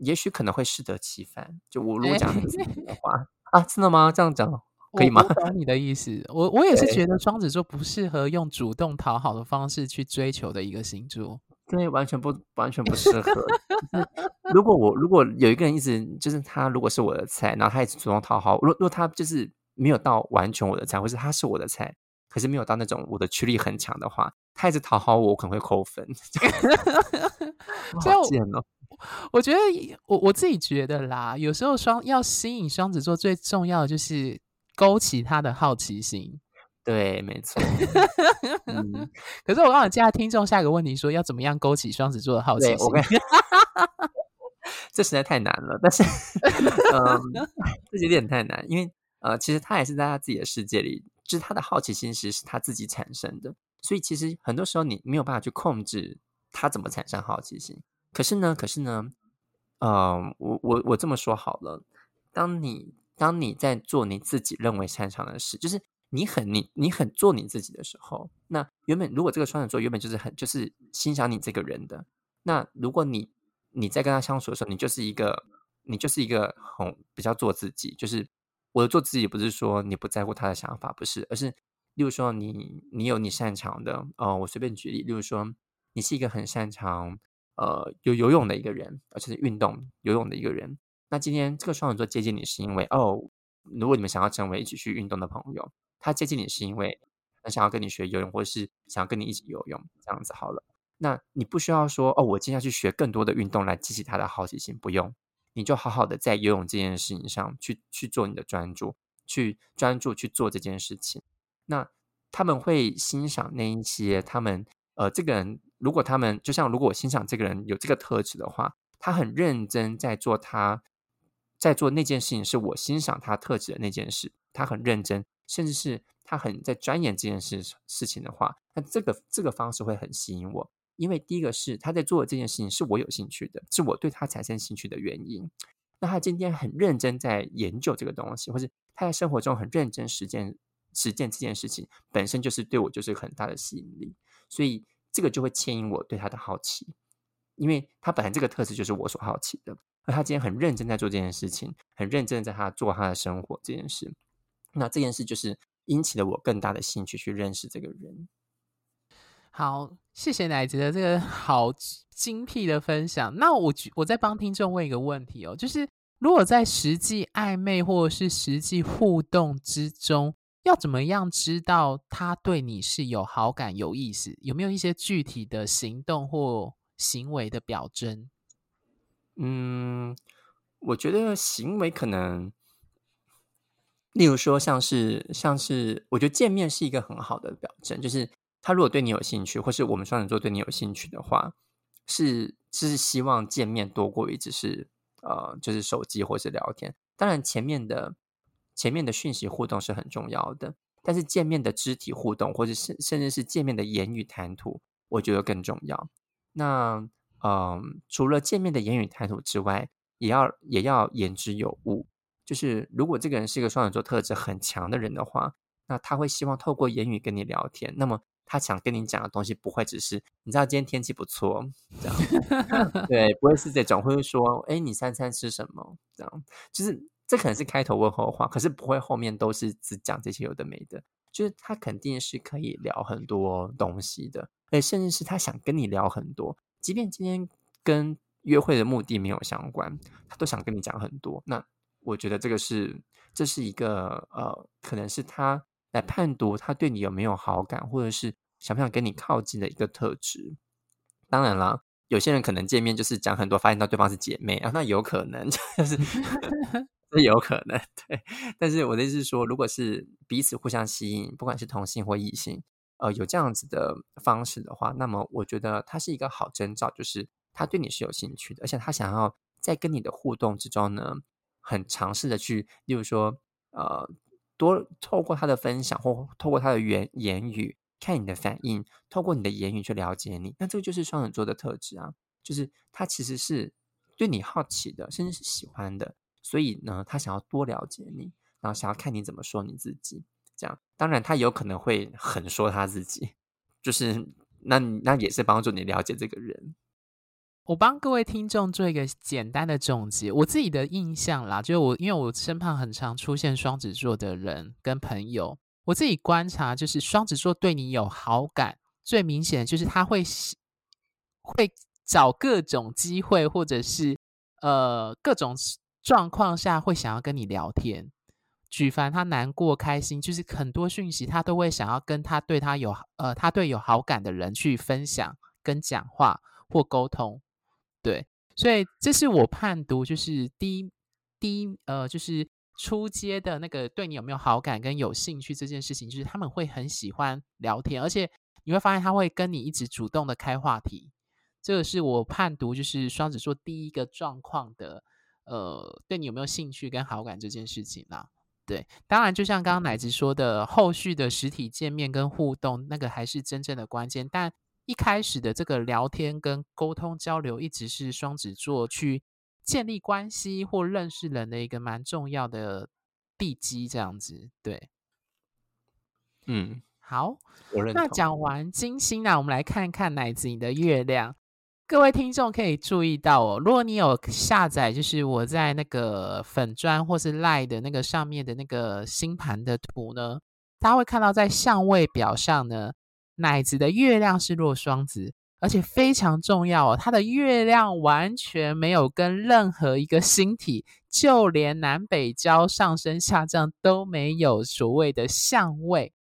也許可能會適得其反，就我如果講的話、欸、啊，真的嗎？這樣講可以嗎？懂你的意思， 我我也是覺得雙子座不適合用主動討好的方式去追求的一個星座，對，完全不完全不適合。 如果我如果有一個人一直就是他，如果是我的菜，然後他一直主動討好，如果如果他就是沒有到完全我的菜，或是他是我的菜，可是沒有到那種我的驅力很強的話，他一直討好我，我可能會扣分，好賤哦。我覺得我我自己覺得啦，有時候雙要吸引雙子座，最重要的就是勾起他的好奇心。對，沒錯。 嗯、可是我剛剛接到聽眾下一個問題，說要怎麼樣勾起雙子座的好奇心？對我 這實在太難了。但是，嗯， 這有點太難，因為呃，其實他也是在他自己的世界裡，就是他的好奇心其實是他自己產生的，所以其實很多時候你沒有辦法去控制他怎麼產生好奇心。可是呢，可是呢，呃，我我我這麼說好了，當你當你在做你自己認為擅長的事，就是你很你你很做你自己的時候，那原本如果這個雙子座原本就是很就是欣賞你這個人的，那如果你你在跟他相處的時候，你就是一個你就是一個很比較做自己，就是我做自己不是說你不在乎他的想法，不是，而是例如說你你有你擅長的，呃，我隨便舉例，例如說你是一個很擅長。呃，有游泳的一個人，而且是運動游泳的一個人。那今天這個雙子座接近你，是因為哦，如果你們想要成為一起去運動的朋友，他接近你是因為他想要跟你學游泳，或是想跟你一起游泳，這樣子好了。那你不需要說哦，我接下去學更多的運動來激起他的好奇心，不用，你就好好的在游泳這件事情上去去做你的專注，去專注去做這件事情。那他們會欣賞那一些他們呃這個人。如果他們就像，如果我欣賞這個人有這個特質的話，他很認真在做他在做那件事情，是我欣賞他特質的那件事。他很認真，甚至是他很在鑽研這件事事情的話，那這個這個方式會很吸引我。因為第一個是他在做的這件事情是我有興趣的，是我對他產生興趣的原因。那他今天很認真在研究這個東西，或是他在生活中很認真實踐實踐這件事情，本身就是對我就是很大的吸引力。所以。這個就會牽引我對他的好奇，因為他本來這個特質就是我所好奇的，而他今天很認真在做這件事情，很認真的在他做他的生活這件事，那這件事就是引起了我更大的興趣去認識這個人。好，謝謝乃吉的這個好精闢的分享。那我我再幫聽眾問一個問題哦，就是如果在實際曖昧或者是實際互動之中。要怎麼樣知道他對你是有好感、有意思？有沒有一些具體的行動或行為的表徵？嗯，我覺得行為可能，例如說像是像是，我覺得見面是一個很好的表徵，就是他如果對你有興趣，或是我們雙子座對你有興趣的話，是是希望見面多過於只是呃，就是手機或是聊天。當然，前面的。前面的訊息互動是很重要的，但是見面的肢體互動，或者甚甚至是見面的言語談吐，我覺得更重要。那嗯、呃，除了見面的言語談吐之外，也要也要言之有物。就是如果這個人是一個雙子座特質很強的人的話，那他會希望透過言語跟你聊天。那麼他想跟你講的東西不會只是你知道今天天氣不錯這樣， 對，不會是這種，會說哎、欸，你三餐吃什麼這樣，就是。這可能是開頭問候的話，可是不會後面都是只講這些有的沒的，就是他肯定是可以聊很多東西的，而甚至是他想跟你聊很多，即便今天跟約會的目的沒有相關，他都想跟你講很多。那我覺得這個是這是一個呃，可能是他來判讀他對你有沒有好感，或者是想不想跟你靠近的一個特質。當然啦，有些人可能見面就是講很多，發現到對方是姐妹啊，那有可能就是。 是有可能，對。但是我的意思是說，如果是彼此互相吸引，不管是同性或異性，呃，有這樣子的方式的話，那麼我覺得他是一個好徵兆，就是他對你是有興趣的，而且他想要在跟你的互動之中呢，很嘗試的去，例如說，呃，多透過他的分享或透過他的言言語，看你的反應，透過你的言語去了解你。那這個就是雙子座的特質啊，就是他其實是對你好奇的，甚至是喜歡的。所以呢，他想要多了解你，然後想要看你怎麼說你自己。這樣，當然他有可能會很說他自己，就是那那也是幫助你了解這個人。我幫各位聽眾做一個簡單的總結。我自己的印象啦，就是我因為我身旁很常出現雙子座的人跟朋友，我自己觀察，就是雙子座對你有好感，最明顯就是他會會找各種機會，或者是呃各種。狀況下會想要跟你聊天，舉凡他難過、開心，就是很多訊息，他都會想要跟他對他有呃，他對有好感的人去分享，跟講話或溝通，對，所以這是我判讀，就是第一，第一，呃，就是初階的那個對你有沒有好感跟有興趣這件事情，就是他們會很喜歡聊天，而且你會發現他會跟你一直主動的開話題，這個是我判讀，就是雙子座第一個狀況的。呃，對你有沒有興趣跟好感這件事情呢、啊？對，當然，就像剛剛奶子說的，後續的實體見面跟互動，那個還是真正的關鍵。但一開始的這個聊天跟溝通交流，一直是雙子座去建立關係或認識人的一個蠻重要的地基，這樣子。對，嗯，好，我認同。那講完金星呢，我們來看看奶子你的月亮。各位聽眾可以注意到哦，如果你有下載，就是我在那個粉專，或是 LINE 的那個上面的那個星盤的圖呢，大家會看到在相位表上呢，奶子的月亮是落雙子，而且非常重要哦，它的月亮完全沒有跟任何一個星體，就連南北交上升下降都沒有所謂的相位。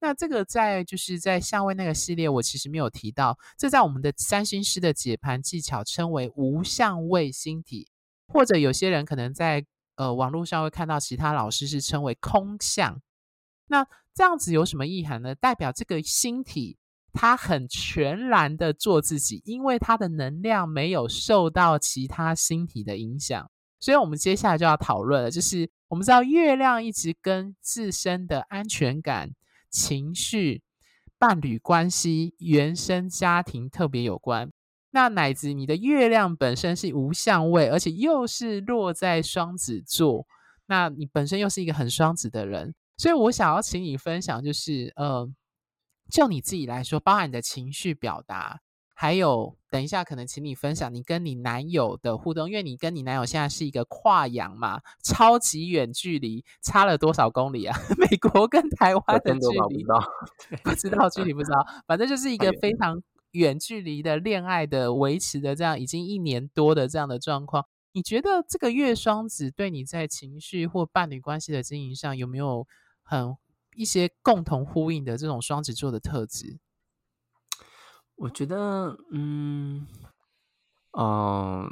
那這個在就是在相位那個系列，我其實沒有提到。這在我們的占星師的解盤技巧稱為無相位星體，或者有些人可能在呃網絡上會看到其他老師是稱為空相。那這樣子有什麼意涵呢？代表這個星體它很全然的做自己，因為它的能量沒有受到其他星體的影響。所以我們接下來就要討論了，就是我們知道月亮一直跟自身的安全感情緒、伴侶關係、原生家庭特別有關。那乃至你的月亮本身是無相位，而且又是落在雙子座，那你本身又是一個很雙子的人，所以我想要請你分享，就是，嗯、呃，就你自己來說，包含你的情緒表達。還有，等一下，可能請你分享你跟你男友的互動，因為你跟你男友現在是一個跨洋嘛，超級遠距離，差了多少公里啊？美國跟台灣的距離不知道，不知道距離不知道， 反正就是一個非常遠距離的戀愛的維持的這樣，已經一年多的這樣的狀況。你覺得這個月雙子對你在情緒或伴侶關係的經營上有沒有很一些共同呼應的這種雙子座的特質？我覺得，嗯，嗯、呃，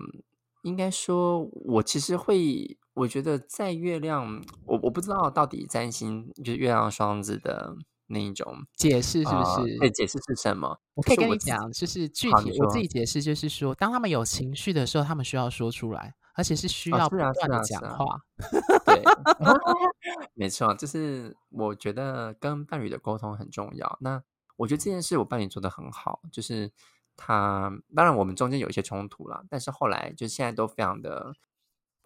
應該說，我其實會，我覺得在月亮，我我不知道到底占星就是月亮雙子的那一種解釋是不是？對、呃，可以解釋是什麼？我可以跟你講，就是具體我，我自己解釋，就是說，當他們有情緒的時候，他們需要說出來，而且是需要不斷的講話。哦啊啊啊啊、 對， 沒錯，就是我覺得跟伴侶的溝通很重要。那我覺得這件事我幫你做得很好，就是他當然我們中間有一些衝突了，但是後來就是現在都非常的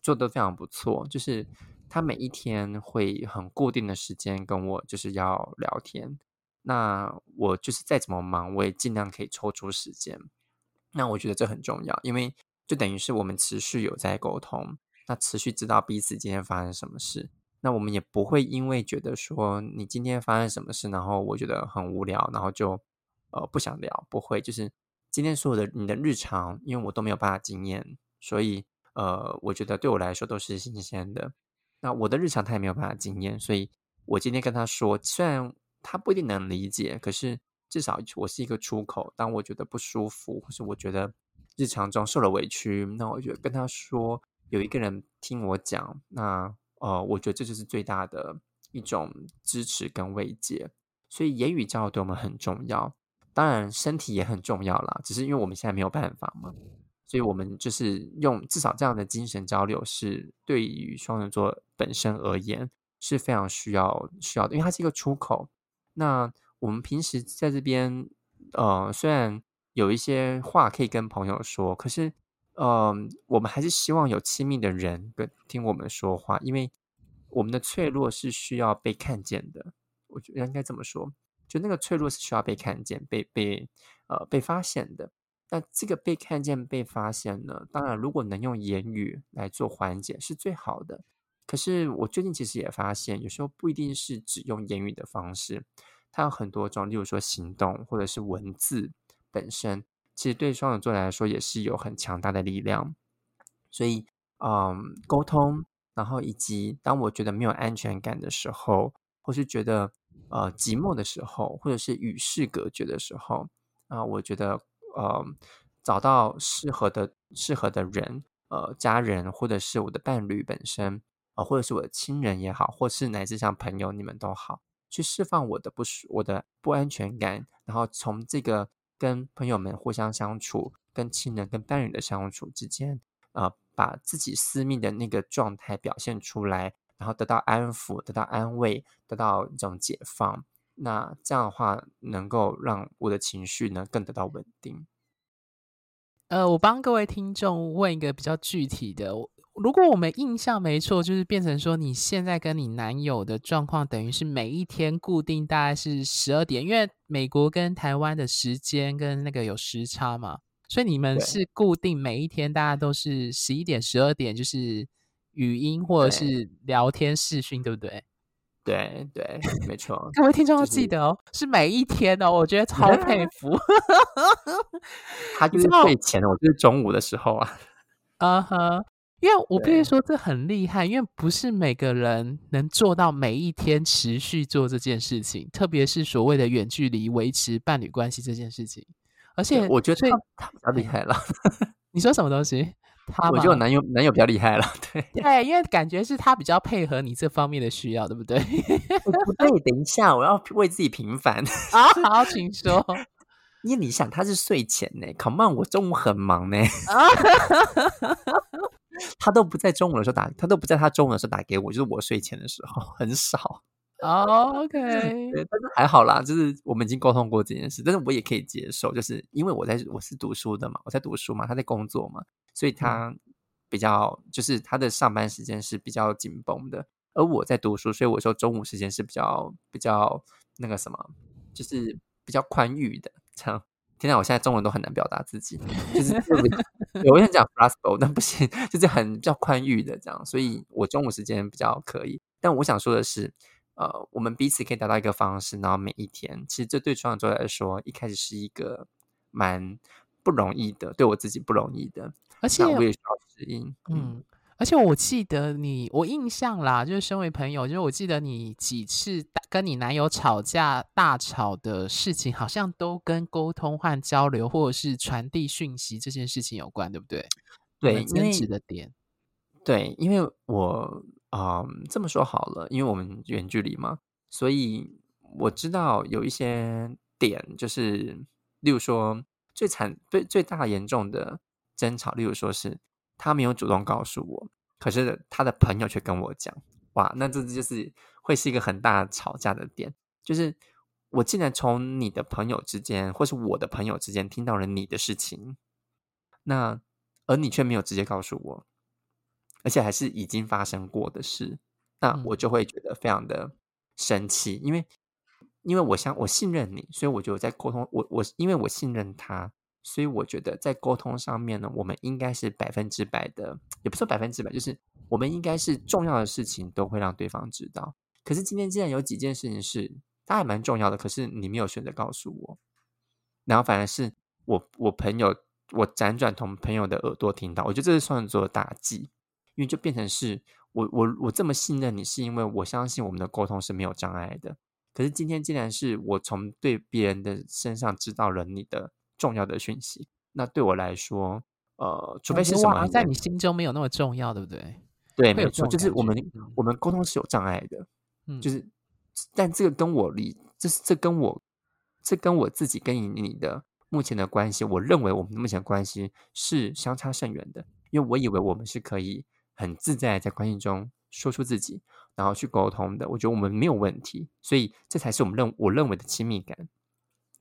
做得都非常不錯，就是他每一天會很固定的時間跟我就是要聊天，那我就是再怎麼忙我也盡量可以抽出時間，那我覺得這很重要，因為就等於是我們持續有在溝通，那持續知道彼此今天發生什麼事。那我們也不會因為覺得說你今天發生什麼事，然後我覺得很無聊，然後就呃不想聊，不會。就是今天所有的你的日常，因為我都沒有辦法經驗，所以呃，我覺得對我來說都是新鮮的。那我的日常他也沒有辦法經驗，所以我今天跟他說，雖然他不一定能理解，可是至少我是一個出口。當我覺得不舒服，或是我覺得日常中受了委屈，那我就跟他說，有一個人聽我講，那。呃，我覺得這就是最大的一種支持跟慰藉，所以言語交流對我們很重要。當然，身體也很重要啦，只是因為我們現在沒有辦法嘛，所以我們就是用至少這樣的精神交流，是對於雙子座本身而言是非常需要需要的，因為它是一個出口。那我們平時在這邊，呃，雖然有一些話可以跟朋友說，可是。嗯，um，我們還是希望有親密的人跟聽我們說話，因為我們的脆弱是需要被看見的。我覺得應該這麼說，就那個脆弱是需要被看見、被被呃被發現的。但這個被看見、被發現呢，當然，如果能用言語來做緩解是最好的。可是我最近其實也發現，有時候不一定是只用言語的方式，它有很多種，例如說行動或者是文字本身。其實對雙子座來說也是有很強大的力量，所以，嗯，溝通，然後以及當我覺得沒有安全感的時候，或是覺得呃寂寞的時候，或者是與世隔絕的時候，啊，我覺得呃，找到適合的、適合的人，呃，家人，或者是我的伴侶本身，呃，或者是我的親人也好，或是乃至像朋友，你們都好，去釋放我的不，我的不安全感，然後從這個。跟朋友們互相相處，跟親人、跟伴侶的相處之間，呃，把自己私密的那個狀態表現出來，然後得到安撫，得到安慰，得到一種解放。那這樣的話，能夠讓我的情緒呢更得到穩定。呃，我幫各位聽眾問一個比較具體的。如果我們印象沒錯，就是變成說你現在跟你男友的狀況，等於是每一天固定大概是十二點，因為美國跟台灣的時間跟那個有時差嘛，所以你們是固定每一天大家都是十一點、十二點，就是語音或者是聊天、視訊對，對不對？對對，沒錯。 各位聽眾要記得哦、就是，是每一天哦，我覺得超佩服。欸、 他就是睡前、哦，我就是中午的時候啊。啊哈。因為我必須說，這很厲害，因為不是每個人能做到每一天持續做這件事情，特別是所謂的遠距離維持伴侶關係這件事情。而且我覺得他他比較厲害了。 你說什麼東西？他我覺得我男友男友比較厲害了。對對，因為感覺是他比較配合你這方面的需要，對不對？以、 欸、等一下，我要為自己平反。 啊、好，好請說。因為你想他是睡前呢，Come on 我中午很忙呢。 他都不在中午的時候打，他都不在他中午的時候打給我，就是我睡前的時候很少。Oh, OK，但是還好啦，就是我們已經溝通過這件事，但是我也可以接受，就是因為我在我是讀書的嘛，我在讀書嘛，他在工作嘛，所以他比較，嗯，就是他的上班時間是比較緊繃的，而我在讀書，所以我說中午時間是比較比較那個什麼，就是比較寬裕的這樣。現在我現在中文都很難表達自己，嗯、就是對對 我想講 frugal，但不行，就是很比較寬裕的這樣，所以我中午時間比較可以。但我想說的是，呃，我們彼此可以達到一個方式，然後每一天，其實這對雙子座來說，一開始是一個蠻不容易的，對我自己不容易的，而且我也需要適應，嗯。嗯而且我記得你，我印象啦，就是身為朋友，就是我記得你幾次大跟你男友吵架大吵的事情，好像都跟溝通和交流或者是傳遞訊息這件事情有關，對不對？對，爭執的點。對，因為我啊、呃、這麼說好了，因為我們遠距離嘛，所以我知道有一些點，就是例如說最慘、最最大、嚴重的爭吵，例如說是。他沒有主動告訴我，可是他的朋友卻跟我講：“哇，那這就是會是一個很大的吵架的點，就是我竟然從你的朋友之間，或是我的朋友之間聽到了你的事情，那而你卻沒有直接告訴我，而且還是已經發生過的事，那我就會覺得非常的生氣，因為因為我想我信任你，所以我就在溝通，我我因為我信任他。”所以我覺得在溝通上面呢，我們應該是百分之百的，也不說百分之百，就是我們應該是重要的事情都會讓對方知道。可是今天竟然有幾件事情是，它還蠻重要的，可是你沒有選擇告訴我，然後反而是我我朋友，我輾轉從朋友的耳朵聽到，我覺得這是算作打擊，大忌，因為就變成是我我我這麼信任你，是因為我相信我們的溝通是沒有障礙的。可是今天竟然是我從對別人的身上知道了你的。重要的訊息，那對我來說，呃，除非是什麼在你心中沒有那麼重要，對不對？對，沒有錯，就是我們、嗯、我們溝通是有障礙的，嗯，就是、嗯，但這個跟我離，這是這跟我，這跟我自己跟你的目前的關係，我認為我們目前的關係是相差甚遠的，因為我以為我們是可以很自在在關係中說出自己，然後去溝通的，我覺得我們沒有問題，所以這才是我們認我認為的親密感。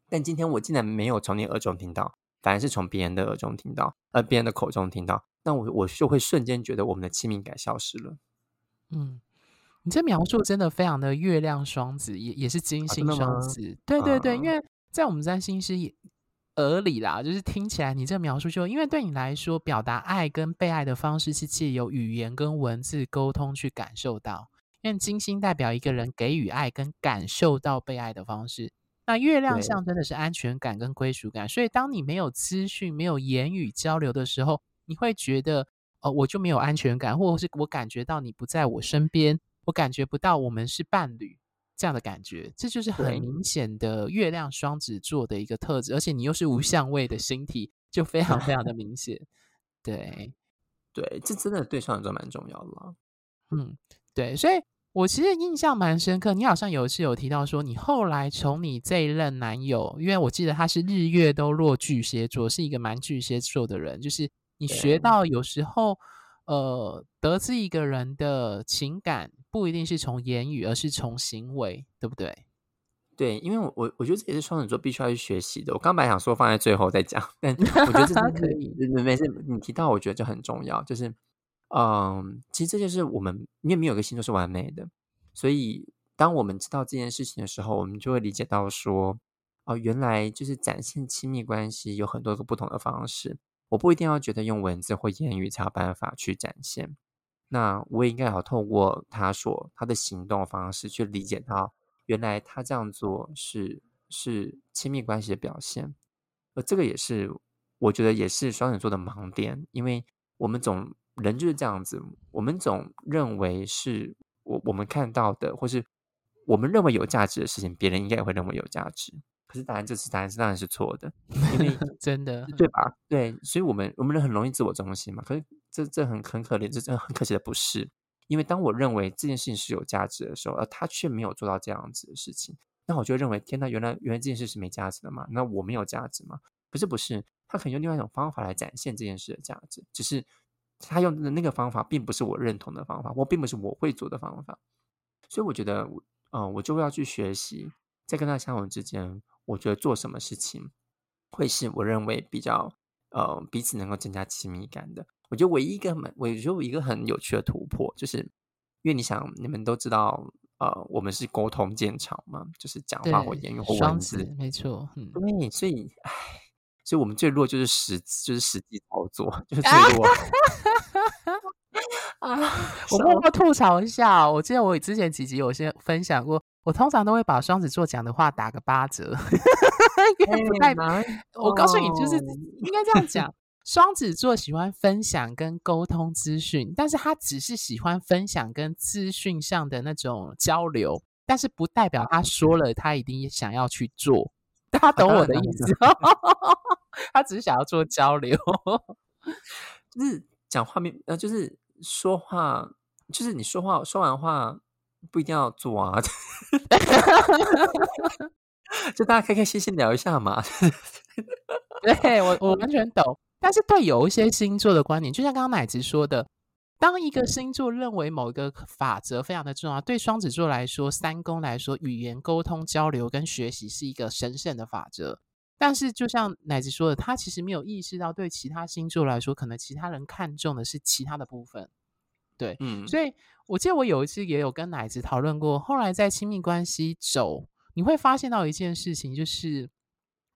但今天我竟然沒有從你耳中聽到，反而是從別人的耳中聽到，呃，別人的口中聽到。那我我就會瞬間覺得我們的親密感消失了。嗯，你這描述真的非常的月亮雙子，也也是金星雙子。啊、對對對、嗯，因為在我們占星師耳裡啦，就是聽起來你這描述就，就因為對你來說，表達愛跟被愛的方式是借由語言跟文字溝通去感受到。因為金星代表一個人給予愛跟感受到被愛的方式。那月亮象徵的是安全感跟歸屬感，所以當你沒有資訊、沒有言語交流的時候，你會覺得，哦，我就沒有安全感，或是我感覺到你不在我身邊，我感覺不到我們是伴侶這樣的感覺，這就是很明顯的月亮雙子座的一個特質，而且你又是無相位的星體，嗯，就非常非常的明顯。對，對，這真的對象就蠻重要的。嗯，對，所以。我其實印象蠻深刻，你好像有一次有提到說，你後來從你這一任男友，因為我記得他是日月都落巨蟹座，是一個蠻巨蟹座的人，就是你學到有時候，呃，得知一個人的情感不一定是從言語，而是從行為，對不對？對，因為我我我覺得這也是雙子座必須要去學習的。我剛本來想說放在最後再講，但我覺得這是 可以，沒、就是、沒事。你提到我覺得這很重要，就是。嗯，其實這就是我們，你有沒有一個星座是完美的，所以當我們知道這件事情的時候，我們就會理解到說，哦、呃，原來就是展現親密關係有很多個不同的方式，我不一定要覺得用文字或言語才有辦法去展現，那我也應該要透過他所他的行動方式去理解到，原來他這樣做是是親密關係的表現，呃，這個也是我覺得也是雙子座的盲點，因為我們總。人就是這樣子，我們總認為是我我們看到的，或是我們認為有價值的事情，別人應該也會認為有價值。可是答案就是答案是當然是錯的，因為 真的對吧？對，所以，我們我們人很容易自我中心嘛。可是這這很很可憐，這真的很可惜的，不是？因為當我認為這件事情是有價值的時候，而他卻沒有做到這樣子的事情，那我就認為天吶，原來原來這件事是沒價值的嘛？那我沒有價值嘛？不是，不是，他可以用另外一種方法來展現這件事的價值，只是。他用的那個方法並不是我認同的方法，我並不是我會做的方法，所以我覺得，呃、我就要去學習，在跟他相處之間，我覺得做什麼事情會是我認為比較呃彼此能夠增加親密感的。我覺得唯一一個，我覺得我一個很有趣的突破，就是因為你想，你們都知道，呃，我們是溝通見長嘛，就是講話或言語或文字，沒錯，對、嗯，所以，哎，所以我們最弱就是實，就是實際操作，就是最弱。啊 啊！ 我默默吐槽一下，哦，我記得我之前幾集有先分享過，我通常都會把雙子座講的話打個八折， 因為不代表，欸。我告訴你，就是，哦，應該這樣講：雙子座喜歡分享跟溝通資訊，但是他只是喜歡分享跟資訊上的那種交流，但是不代表他說了他一定想要去做。大家懂我的意思？啊啊啊啊啊， 他只是想要做交流， 就是講話面呃，就是。說話就是你說話，說完話不一定要做啊 就大家開開心心聊一下嘛。 對我我完全懂，但是對有一些星座的觀點，就像剛剛奶子說的，當一個星座認為某一個法則非常的重要，對雙子座來說，三宮來說，語言溝通交流跟學習是一個神聖的法則。但是，就像奶子說的，他其實沒有意識到，對其他星座來說，可能其他人看重的是其他的部分。對，嗯。所以，我記得我有一次也有跟奶子討論過。後來在親密關係走，你會發現到一件事情，就是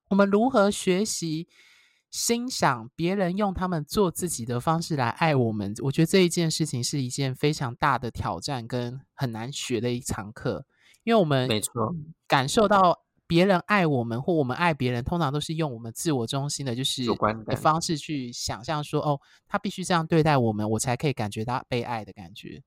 我們如何學習欣賞別人用他們做自己的方式來愛我們。我覺得這一件事情是一件非常大的挑戰，跟很難學的一堂課，因為我們沒錯、嗯、感受到。別人愛我們或我們愛別人，通常都是用我們自我中心的，就是有關的方式去想象說，哦，他必須這樣對待我們，我才可以感覺到被愛的感覺。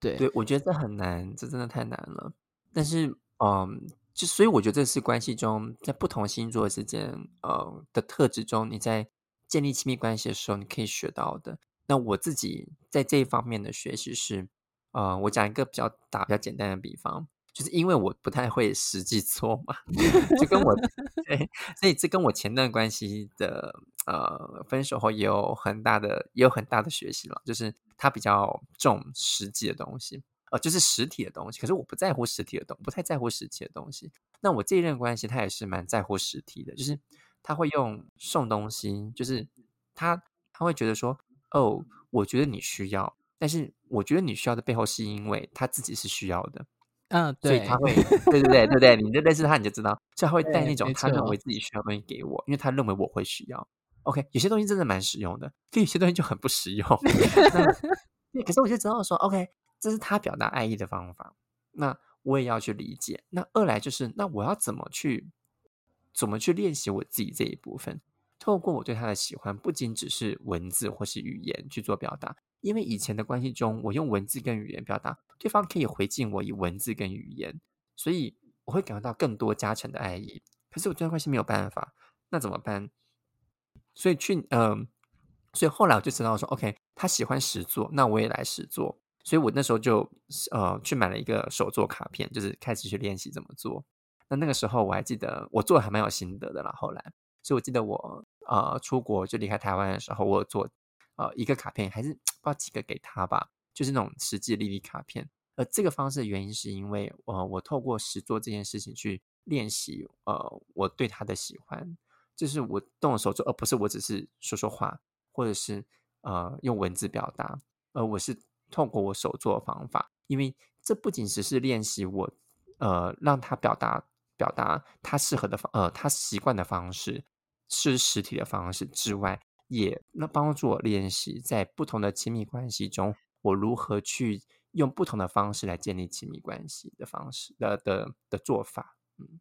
對，對，我覺得這很難，這真的太難了。但是，嗯，就所以我覺得這是關係中在不同星座之間，嗯的特質中，你在建立親密關係的時候，你可以學到的。那我自己在這一方面的學習是，呃、嗯，我講一個比較打比較簡單的比方。就是因為我不太會實際做嘛，就跟我，誒，所以這跟我前段關係的呃分手後也有很大的也有很大的學習了。就是他比較重實際的東西，呃，就是實體的東西。可是我不在乎實體的東，不太在乎實體的東西。那我這一段關係，他也是蠻在乎實體的，就是他會用送東西，就是他他會覺得說，哦，我覺得你需要，但是我覺得你需要的背後是因為他自己是需要的。嗯、啊，對，他會，對對對，對對， 你就認識他，你就知道，所以他會帶那種他認為自己需要東西給我，因為他認為我會需要。OK，有些東西真的蠻實用的，有些東西就很不實用。對， 可是我就知道說，OK，這是他表達愛意的方法，那我也要去理解。那二來就是，那我要怎麼去，怎麼去練習我自己這一部分？透過我對他的喜歡，不僅只是文字或是語言去做表達。因為以前的關係中，我用文字跟語言表達，對方可以回敬我以文字跟語言，所以我會感受到更多加成的愛意。可是我這段關係沒有辦法，那怎麼辦？所以去，嗯、呃，所以後來我就知道說，OK，他喜歡實作，那我也來實作。所以我那時候就，呃，去買了一個手作卡片，就是開始去練習怎麼做。那那個時候我還記得，我做的還蠻有心得的啦。後來，所以我記得我，啊、呃，出國就離開台灣的時候，我有做。呃，一個卡片還是發幾個給他吧，就是那種實際利率卡片。而這個方式的原因是因為，呃，我透過實作這件事情去練習，呃，我對他的喜歡，就是我動手做，而、呃、不是我只是說說話，或者是呃用文字表達。呃，我是透過我手做的方法，因為這不僅只是練習我，呃，讓他表達表達他適合的方，呃，他習慣的方式是實體的方式之外。也那幫助我練習在不同的親密關係中，我如何去用不同的方式來建立親密關係的方式的的的、的做法。嗯，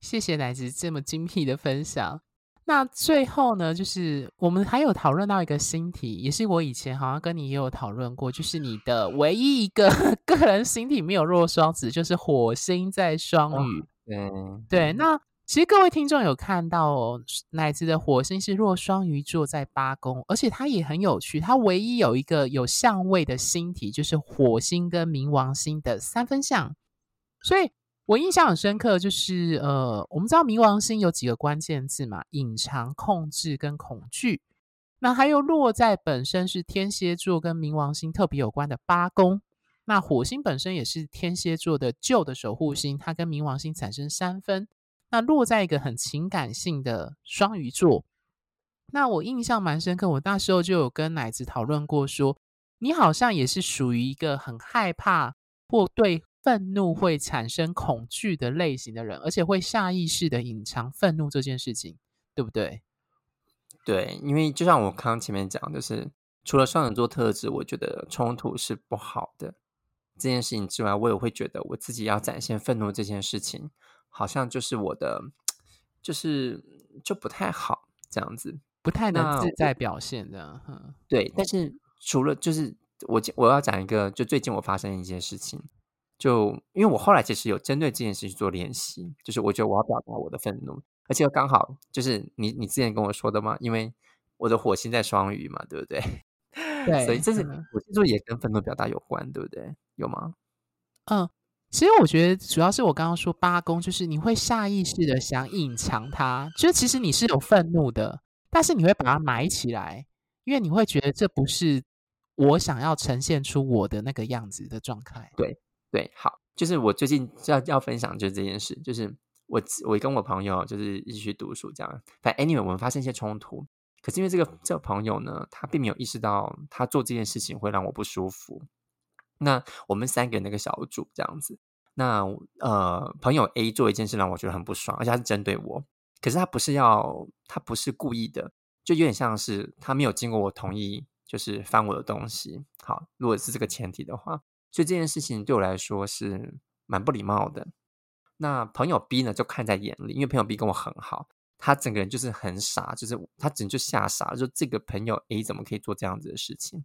謝謝乃姿這麼精闢的分享。那最後呢，就是我們還有討論到一個星體，也是我以前好像跟你也有討論過，就是你的唯一一個個人星體沒有弱雙子，就是火星在雙魚。嗯、哦，對，那。其實各位聽眾有看到哦，奶子的火星是落雙魚座在八宮，而且它也很有趣。它唯一有一個有相位的星體，就是火星跟冥王星的三分相。所以我印象很深刻，就是呃，我們知道冥王星有幾個關鍵字嘛，隱藏、控制跟恐懼。那還有落在本身是天蠍座跟冥王星特別有關的八宮。那火星本身也是天蠍座的舊的守護星，它跟冥王星產生三分。那落在一個很情感性的雙魚座，那我印象蠻深刻。我那時候就有跟奶子討論過說，說你好像也是屬於一個很害怕或對憤怒會產生恐懼的類型的人，而且會下意識地隱藏憤怒這件事情，對不對？對，因為就像我剛剛前面講、就是，的，是除了雙魚座特質，我覺得衝突是不好的這件事情之外，我也會覺得我自己要展現憤怒這件事情。好像就是我的，就是就不太好這樣子，不太能自在表現的。嗯、對，但是除了就是我我要講一個，就最近我發生一件事情，就因為我後來其實有針對這件事去做練習，就是我覺得我要表達我的憤怒，而且剛好就是你你之前跟我說的嘛，因為我的火星在雙魚嘛，對不對？對，所以這是就是、嗯、也跟憤怒表達有關，對不對？有嗎？嗯。其實我覺得，主要是我剛剛說八宮，就是你會下意識的想隱藏它，就是其實你是有憤怒的，但是你會把它埋起來，因為你會覺得這不是我想要呈現出我的那個樣子的狀態。對對，好，就是我最近要要分享就是這件事，就是我我跟我朋友就是一起去讀書這樣，但 anyway 我們發生一些衝突，可是因為這個這個朋友呢，他並沒有意識到他做這件事情會讓我不舒服。那我們三個人那個小組這樣子，那呃，朋友 A 做一件事讓我覺得很不爽，而且他是針對我，可是他不是要，他不是故意的，就有點像是他沒有經過我同意，就是翻我的東西。好，如果是這個前提的話，所以這件事情對我來說是蠻不禮貌的。那朋友 B 呢，就看在眼裡，因為朋友 B 跟我很好，他整個人就是很傻，就是他整就嚇傻，就這個朋友 A 怎麼可以做這樣子的事情？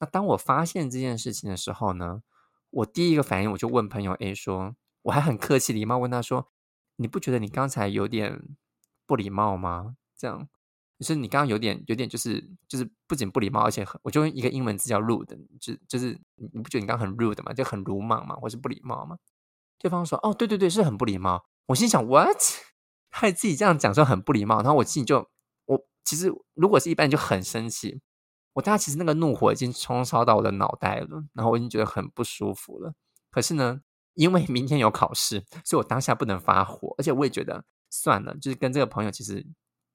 那當我發現這件事情的時候呢，我第一個反應我就問朋友 A 說，我還很客氣禮貌問他說，你不覺得你剛才有點不禮貌嗎？這樣就是你剛剛有點有點就是就是不僅不禮貌，而且很我就用一個英文字叫 rude，就就是你不覺得你剛剛很 rude 嘛，就很魯莽嘛，或是不禮貌嘛？對方說哦，對對對，是很不禮貌。我心想 what，他還自己這樣講說很不禮貌。然後我自己就我其實如果是一般人就很生氣。我當下其實那個怒火已經沖燒到我的腦袋了，然後我已經覺得很不舒服了。可是呢，因為明天有考試，所以我當下不能發火。而且我也覺得算了，就是跟這個朋友其實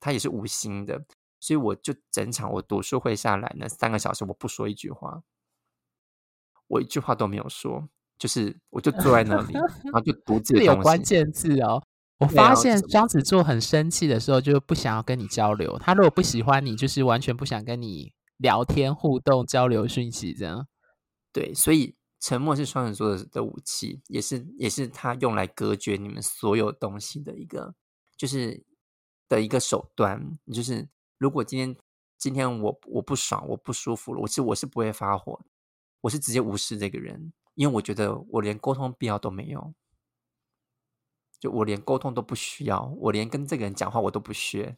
他也是無心的，所以我就整場我讀書會下來那三個小時，我不說一句話，我一句話都沒有說，就是我就坐在那裡， 然後就讀自己的東西。這有關鍵字哦，我發現雙子座很生氣的時候，就不想要跟你交流。他如果不喜歡你，就是完全不想跟你。聊天、互動、交流、訊息，這樣，對，所以沉默是雙子座的武器，也是也是他用來隔絕你們所有東西的一個，就是的一個手段。就是如果今天今天我我不爽，我不舒服了，我其實我是不會發火，我是直接無視這個人，因為我覺得我連溝通必要都沒有，就我連溝通都不需要，我連跟這個人講話我都不屑。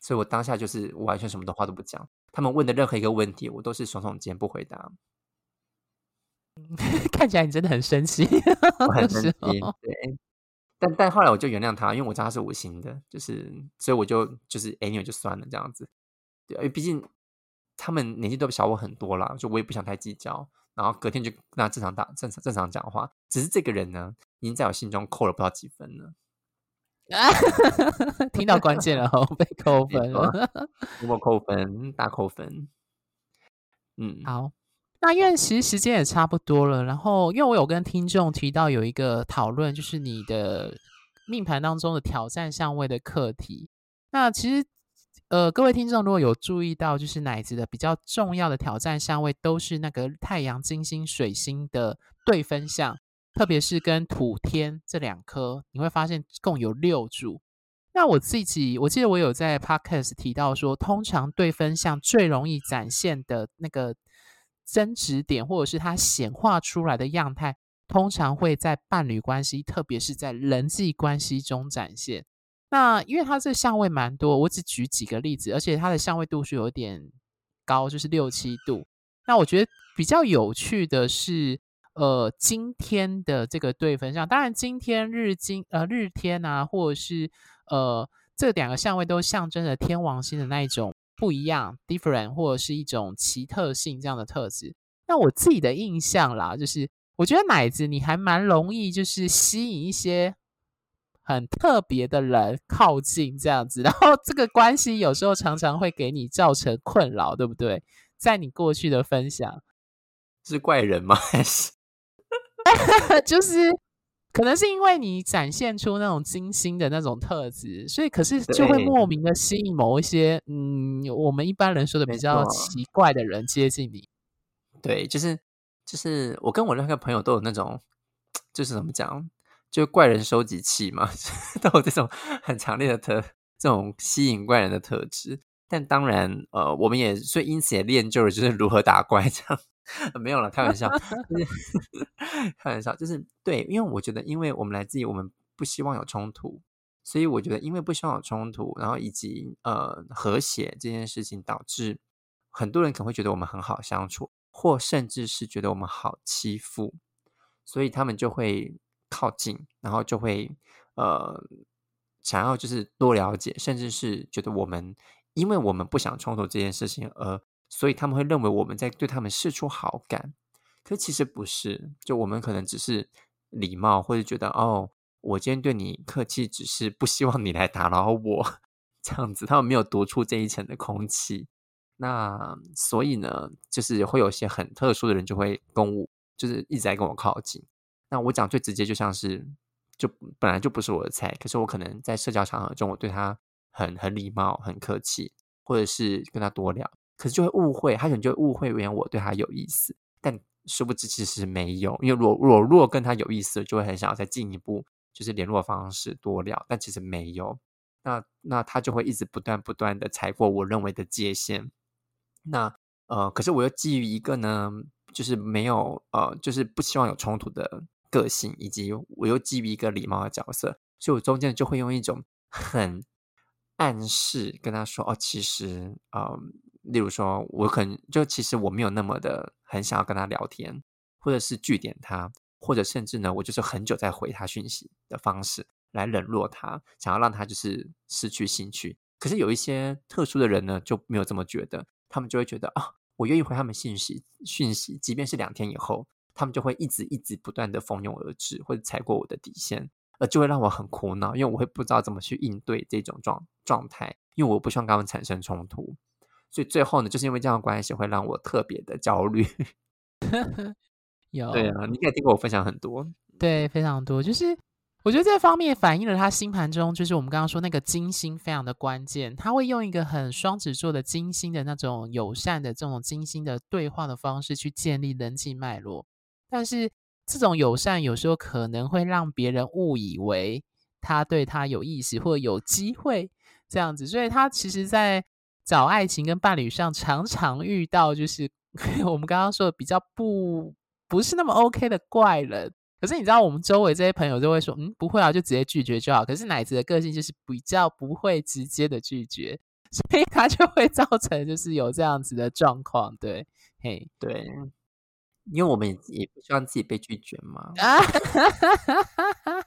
所以我當下就是，我完全什麼的話都不講。他們問的任何一個問題，我都是聳聳肩不回答 。看起來你真的很生氣。我很生氣。對，但但後來我就原諒他，因為我知道他是無心的，就是，所以我就就是哎、欸，你就算了這樣子。對，因為畢竟他們年紀都小我很多啦，就我也不想太計較。然後隔天就跟他正常打正常正常講話。只是這個人呢，已經在我心中扣了不知道幾分了。啊！ 聽到關鍵了， 被扣分了，我 扣分，大扣分。嗯，好，那因為其實時間也差不多了，然後因為我有跟聽眾提到有一個討論，就是你的命盤當中的挑戰相位的課題。那其實，呃，各位聽眾如果有注意到，就是奶子的比較重要的挑戰相位都是那個太陽、金星、水星的對分相。特別是跟土天這兩顆，你會發現共有六組。那我自己我記得我有在 podcast 提到說，通常對分相最容易展現的那個增值點，或者是它顯化出來的樣態，通常會在伴侶關係，特別是在人際關係中展現。那因為它這相位蠻多，我只舉幾個例子，而且它的相位度數有點高，就是六七度。那我覺得比較有趣的是。呃，今天的這個對分相，當然今天日金、呃日天吶、啊，或者是呃這兩個相位都象徵着天王星的那一種不一樣 ，different 或者是一種奇特性這樣的特質。那我自己的印象啦，就是我覺得奶子你還蠻容易就是吸引一些很特別的人靠近這樣子，然後這個關係有時候常常會給你造成困擾，對不對？在你過去的分享，是怪人嗎？還是？ 就是可能是因為你展現出那種金星的那種特質，所以，可是就會莫名的吸引某一些嗯，我們一般人說的比較奇怪的人接近你。對，就是就是我跟我那個朋友都有那種，就是怎麼講，就怪人收集器嘛，都有這種很強烈的特，這種吸引怪人的特質。但當然，呃，我們也所以因此也練就了就是如何打怪這樣。沒有了，開玩笑， 開玩笑，就是對，因為我覺得，因為我們來自於，我們不希望有衝突，所以我覺得，因為不希望有衝突，然後以及呃和諧這件事情，導致很多人可能會覺得我們很好相處，或甚至是覺得我們好欺負，所以他們就會靠近，然後就會呃想要就是多了解，甚至是覺得我們，因為我們不想衝突這件事情而。所以他們會認為我們在對他們釋出好感，可其實不是。就我們可能只是禮貌，或者覺得哦，我今天對你客氣，只是不希望你來打擾我這樣子。他們沒有讀出這一層的空氣。那所以呢，就是會有一些很特殊的人就會跟我，就是一直在跟我靠近。那我講最直接，就像是就本來就不是我的菜，可是我可能在社交場合中，我對他很很禮貌、很客氣，或者是跟他多聊。可是就會誤會，他可能就會誤會原我對他有意思，但殊不知其實沒有。因為我若若跟他有意思，就會很想要再進一步，就是聯絡方式多聊，但其實沒有。那那他就會一直不斷不斷的踩過我認為的界限。那呃，可是我又基於一個呢，就是沒有呃，就是不希望有衝突的個性，以及我又基於一個禮貌的角色，所以我中間就會用一種很暗示跟他說：“哦，其實嗯。呃”例如說，我很，就其實我沒有那麼的很想要跟他聊天，或者是句點，他，或者甚至呢，我就是很久在回他訊息的方式，來冷落他，想要讓他就是失去興趣。可是有一些特殊的人呢，就沒有這麼覺得，他們就會覺得啊、哦，我願意回他們訊息，訊息，即便是兩天以後，他們就會一直一直不斷的蜂擁而至，或者踩過我的底線，而就會讓我很苦惱，因為我會不知道怎麼去應對這種狀狀態，因為我不希望跟他們產生衝突。所以最後呢，就是因為這樣的關係，會讓我特別的焦慮。 有對啊，你可以聽過我分享很多，對非常多。就是我覺得這方面反映了他星盤中，就是我們剛剛說那個金星非常的關鍵。他會用一個很雙子座的金星的那種友善的這種金星的對話的方式去建立人際脈絡，但是這種友善有時候可能會讓別人誤以為他對他有意思或者有機會這樣子，所以他其實，在找愛情跟伴侶上，常常遇到就是我們剛剛說的比較不不是那麼 OK 的怪人。可是你知道，我們周圍這些朋友都會說：“嗯，不會啊，就直接拒絕就好。”可是雙子的個性就是比較不會直接的拒絕，所以他就會造成就是有這樣子的狀況。對，嘿，對，因為我們也不希望自己被拒絕嘛。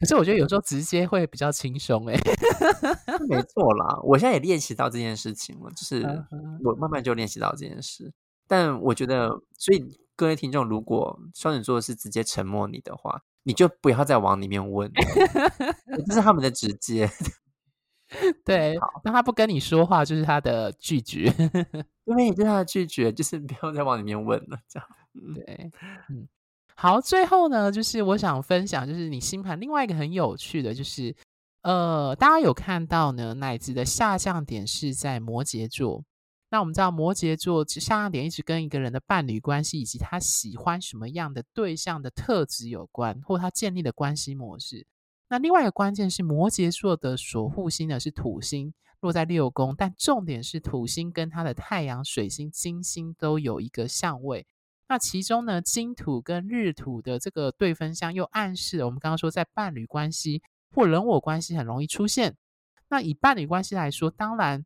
可 是我覺得有時候直接會比較輕鬆哎。 沒錯啦，我現在也練習到這件事情了，就是、uh -huh. 我慢慢就練習到這件事。但我覺得，所以各位聽眾，如果雙子座是直接沉默你的話，你就不要再往裡面問， 這是他們的直接。 對，那他不跟你說話就是他的拒絕， 因為你對他的拒絕，就是不要再往裡面問了，這樣，對，嗯好，最後呢，就是我想分享，就是你星盤另外一個很有趣的，就是呃，大家有看到呢，奶子的下降點是在摩羯座。那我們知道摩羯座其實下降點一直跟一個人的伴侶關係以及他喜歡什麼樣的對象的特質有關，或他建立的關係模式。那另外一個關鍵是摩羯座的守護星呢是土星落在六宮，但重點是土星跟他的太陽、水星、金星都有一個相位。那其中呢，金土跟日土的這個對分相，又暗示了我們剛剛說在伴侶關係或人我關係很容易出現。那以伴侶關係來說，當然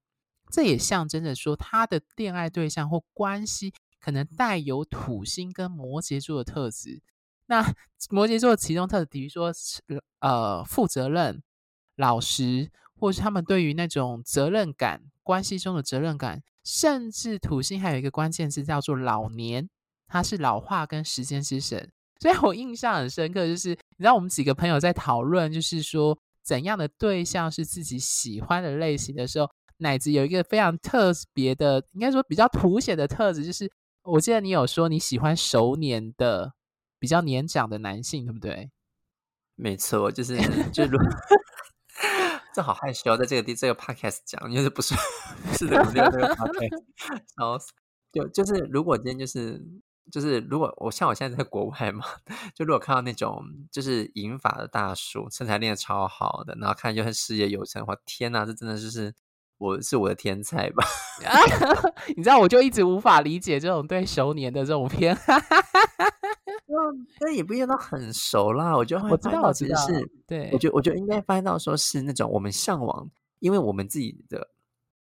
這也象徵着說，他的戀愛對象或關係可能帶有土星跟摩羯座的特質。那摩羯座的其中特質比如說，呃，負責任、老實，或是他們對於那種責任感，關係中的責任感，甚至土星還有一個關鍵字叫做老年。它是老化跟時間之神，所以我印象很深刻。就是你知道，我們幾個朋友在討論，就是說怎樣的對象是自己喜歡的類型的時候，奶子有一個非常特別的，應該說比較凸顯的特質，就是我記得你有說你喜歡熟年、的比較年長的男性，對不對？沒錯，就是就是 這好害羞，在這個地這個 podcast 講，因、就、為、是、不是是的，沒、這、有、個、 這個 podcast。然後就就是如果今天就是。就是如果我像我現在在國外嘛，就如果看到那種就是銀髮的大叔，身材練得超好的，然後看就是事業有成，我天吶、啊，這真的就是我是我的天菜吧？ 啊、你知道，我就一直無法理解這種對熟年的這種偏，那、 嗯、也不一定很熟啦。我覺得會其實是我，知我知道，只是對我就我就應該翻到說是那種我們嚮往，因為我們自己的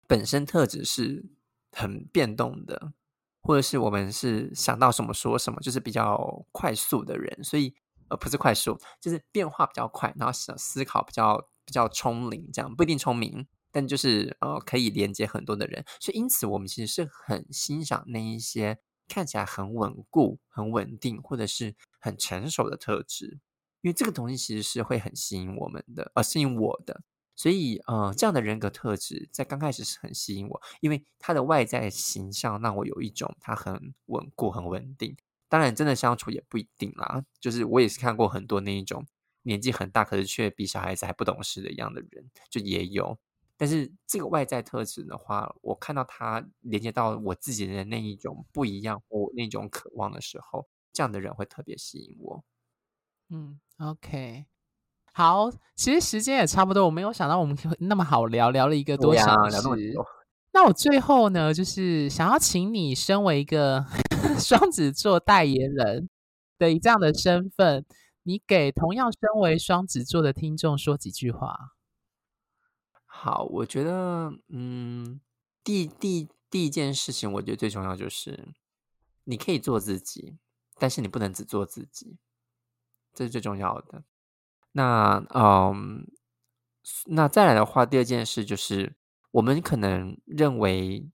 本身特質是很變動的。或者是我們是想到什麼說什麼，就是比較快速的人，所以呃，不是快速，就是變化比較快，然後思思考比較比較聰明，這樣不一定聰明，但就是呃，可以連接很多的人。所以，因此我們其實是很欣賞那一些看起來很穩固、很穩定，或者是很成熟的特質，因為這個東西其實是會很吸引我們的，而、呃、吸引我的。所以，呃，這樣的人格特質在剛開始是很吸引我，因為他的外在形象讓我有一種他很穩固、很穩定。當然，真的相處也不一定啦。就是我也是看過很多那一種年紀很大，可是卻比小孩子還不懂事的一樣的人，就也有。但是這個外在特質的話，我看到他連接到我自己的那一種不一樣或我那種渴望的時候，這樣的人會特別吸引我。嗯，OK。好，其實時間也差不多。我沒有想到我們會那麼好聊，聊了一個多小時。我那我最後呢，就是想要請你身為一個 雙子座代言人的以這樣的身份，你給同樣身為雙子座的聽眾說幾句話。好，我覺得，嗯，第第一第一件事情，我覺得最重要就是，你可以做自己，但是你不能只做自己，這是最重要的。那嗯，那再來的話，第二件事就是，我們可能認為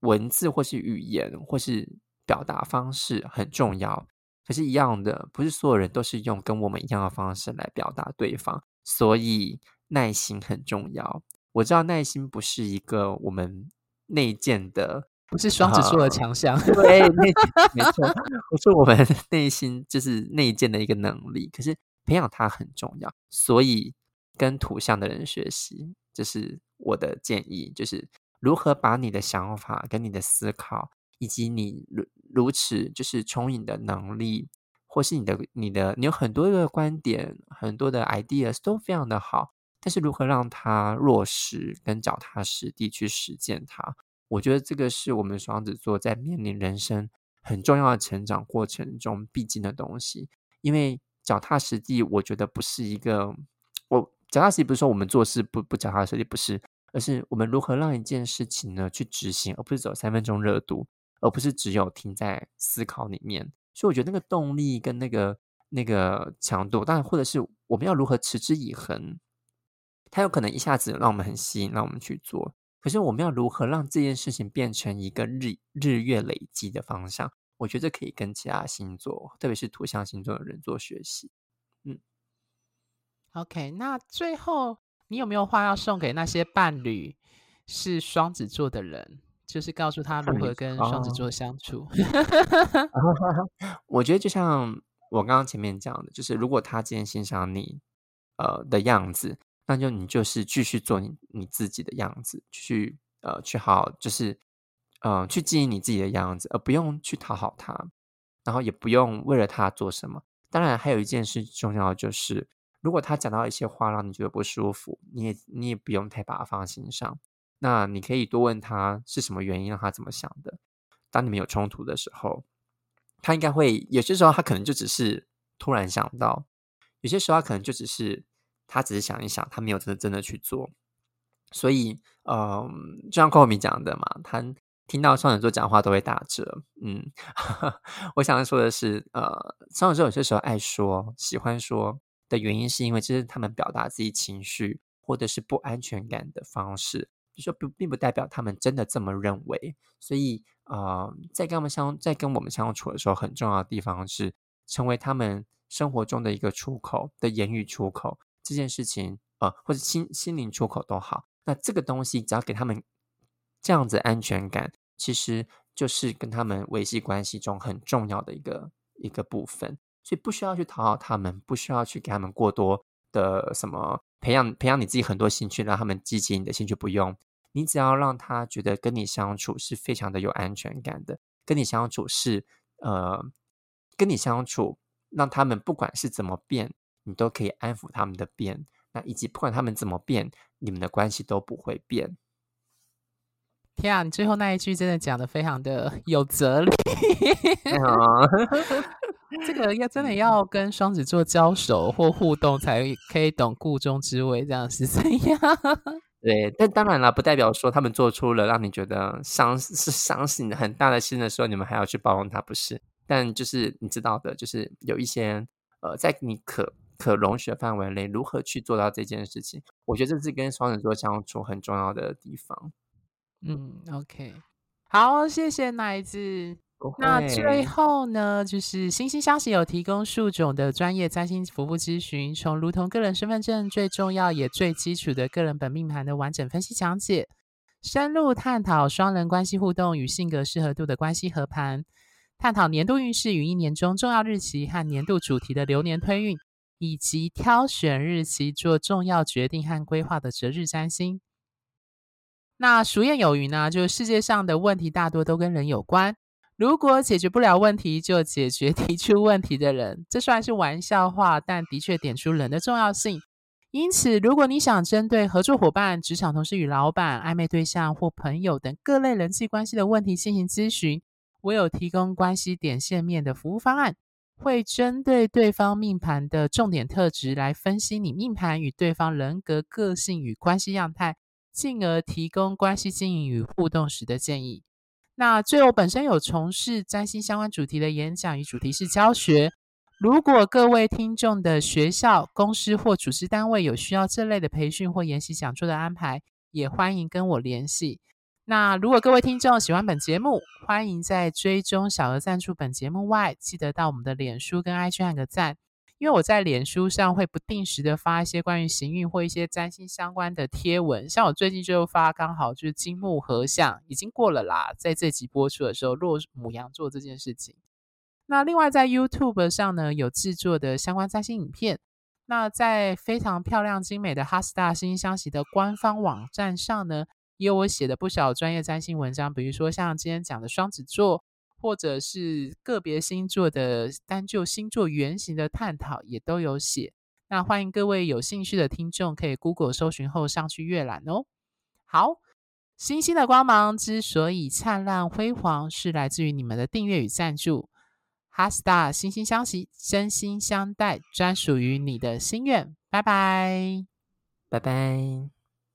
文字或是語言或是表達方式很重要，可是，一樣的，不是所有人都是用跟我們一樣的方式來表達對方，所以耐心很重要。我知道耐心不是一個我們內建的，不是雙子座的強項。呃，對， 沒錯，不是我們內心就是內建的一個能力，可是。培養他很重要，所以跟土象的人學習，這是我的建議。就是如何把你的想法、跟你的思考，以及你如如此就是充盈的能力，或是你的、你的，你有很多的觀點，很多的 ideas 都非常的好，但是如何讓它落實，跟腳踏實地去實踐它，我覺得這個是我們雙子座在面臨人生很重要的成長過程中必經的東西，因為。腳踏實地，我覺得不是一個。我腳踏實地不是說我們做事不不腳踏實地，不是，而是我們如何讓一件事情呢去執行，而不是走三分鐘熱度，而不是只有停在思考裡面。所以我覺得那個動力跟那個那個強度，當然，或者是我們要如何持之以恆，它有可能一下子讓我們很吸引，讓我們去做。可是我們要如何讓這件事情變成一個日日月累積的方向？我覺得可以跟其他星座，特別是土象星座的人做學習。嗯，OK，那最後你有沒有話要送給那些伴侶是雙子座的人？就是告訴他如何跟雙子座相處。 我覺得就像我剛剛前面講的，就是如果他今天欣賞你呃的樣子，那就你就是繼續做你你自己的樣子，續呃去呃去好就是。嗯，去經營你自己的樣子，而不用去討好他，然後也不用為了他做什麼。當然，還有一件事重要，就是如果他講到一些話讓你覺得不舒服，你也你也不用太把它放在心上。那你可以多問他是什麼原因讓他怎麼想的。當你們有衝突的時候，他應該會有些時候他可能就只是突然想到，有些時候他可能就只是他只是想一想，他沒有真的真的去做。所以，嗯，就像 Cocome 講的嘛，他。聽到雙子座講話都會打折，嗯，哈哈，我想要說的是，呃，雙子座有些時候愛說、喜歡說的原因，是因為這是他們表達自己情緒或者是不安全感的方式，就是、說不並不代表他們真的這麼認為。所以，呃，在跟他們相在跟我們相處的時候，很重要的地方是成為他們生活中的一個出口的言語出口，這件事情，呃，或者心心靈出口都好。那這個東西，只要給他們。這樣子安全感其實就是跟他們維繫關係中很重要的一個一個部分，所以不需要去討好他們，不需要去給他們過多的什麼培養培養，你自己很多興趣，讓他們積極你的興趣不用，你只要讓他覺得跟你相處是非常的有安全感的，跟你相處是呃，跟你相處讓他們不管是怎麼變，你都可以安撫他們的變，那以及不管他們怎麼變，你們的關係都不會變。天啊，你最後那一句真的講得非常的有哲理。 了 這個要真的要跟雙子座交手或互動，才可以懂故中之味，這樣是怎樣？對，但當然了，不代表說他們做出了讓你覺得傷是傷，心的很大的事的時候，你們還要去包容他，不是？但就是你知道的，就是有一些呃，在你可可容許的範圍內，如何去做到這件事情？我覺得這是跟雙子座相處很重要的地方。嗯，嗯，OK，好，謝謝奶子。那最後呢，就是心星相惜有提供數種的專業占星服務諮詢，從如同個人身份證最重要也最基礎的個人本命盤的完整分析講解，深入探討雙人關係互動與性格適合度的關係合盤，探討年度運勢與一年中重要日期和年度主題的流年推運，以及挑選日期做重要決定和規劃的擇日占星。那俗諺有云呢，就是世界上的問題大多都跟人有關。如果解決不了問題，就解決提出問題的人。這雖然是玩笑話，但的確點出人的重要性。因此，如果你想針對合作夥伴、職場同事與老板、曖昧對象或朋友等各類人際關係的問題進行諮詢，我有提供關係點線面的服務方案，會針對對方命盤的重點特質來分析你命盤與對方人格、個性與關係樣態。進而提供關係經營與互動時的建議。那最後，本身有從事占星相關主題的演講與主題式教學。如果各位聽眾的學校、公司或組織單位有需要這類的培訓或研習講座的安排，也歡迎跟我聯繫。那如果各位聽眾喜歡本節目，歡迎在追蹤小額贊助本節目外，記得到我們的臉書跟 IG 按個讚。因為我在臉書上會不定時的發一些關於行運或一些占星相關的貼文，像我最近就發剛好就是金木合相，已經過了啦，在這集播出的時候落牡羊座這件事情。那另外在 YouTube 上呢，有製作的相關占星影片，那在非常漂亮精美的 HeartStar 心星相惜的官方網站上呢，也有我寫的不少專業占星文章，比如說像今天講的雙子座。或者是個別星座的單就星座原型的探討也都有寫，那歡迎各位有興趣的聽眾可以 Google 搜尋後上去閱覽哦。好，星星的光芒之所以燦爛輝煌，是來自於你們的訂閱與贊助。HeartStar，心星相惜，真心相待，專屬於你的心願。拜拜，拜拜。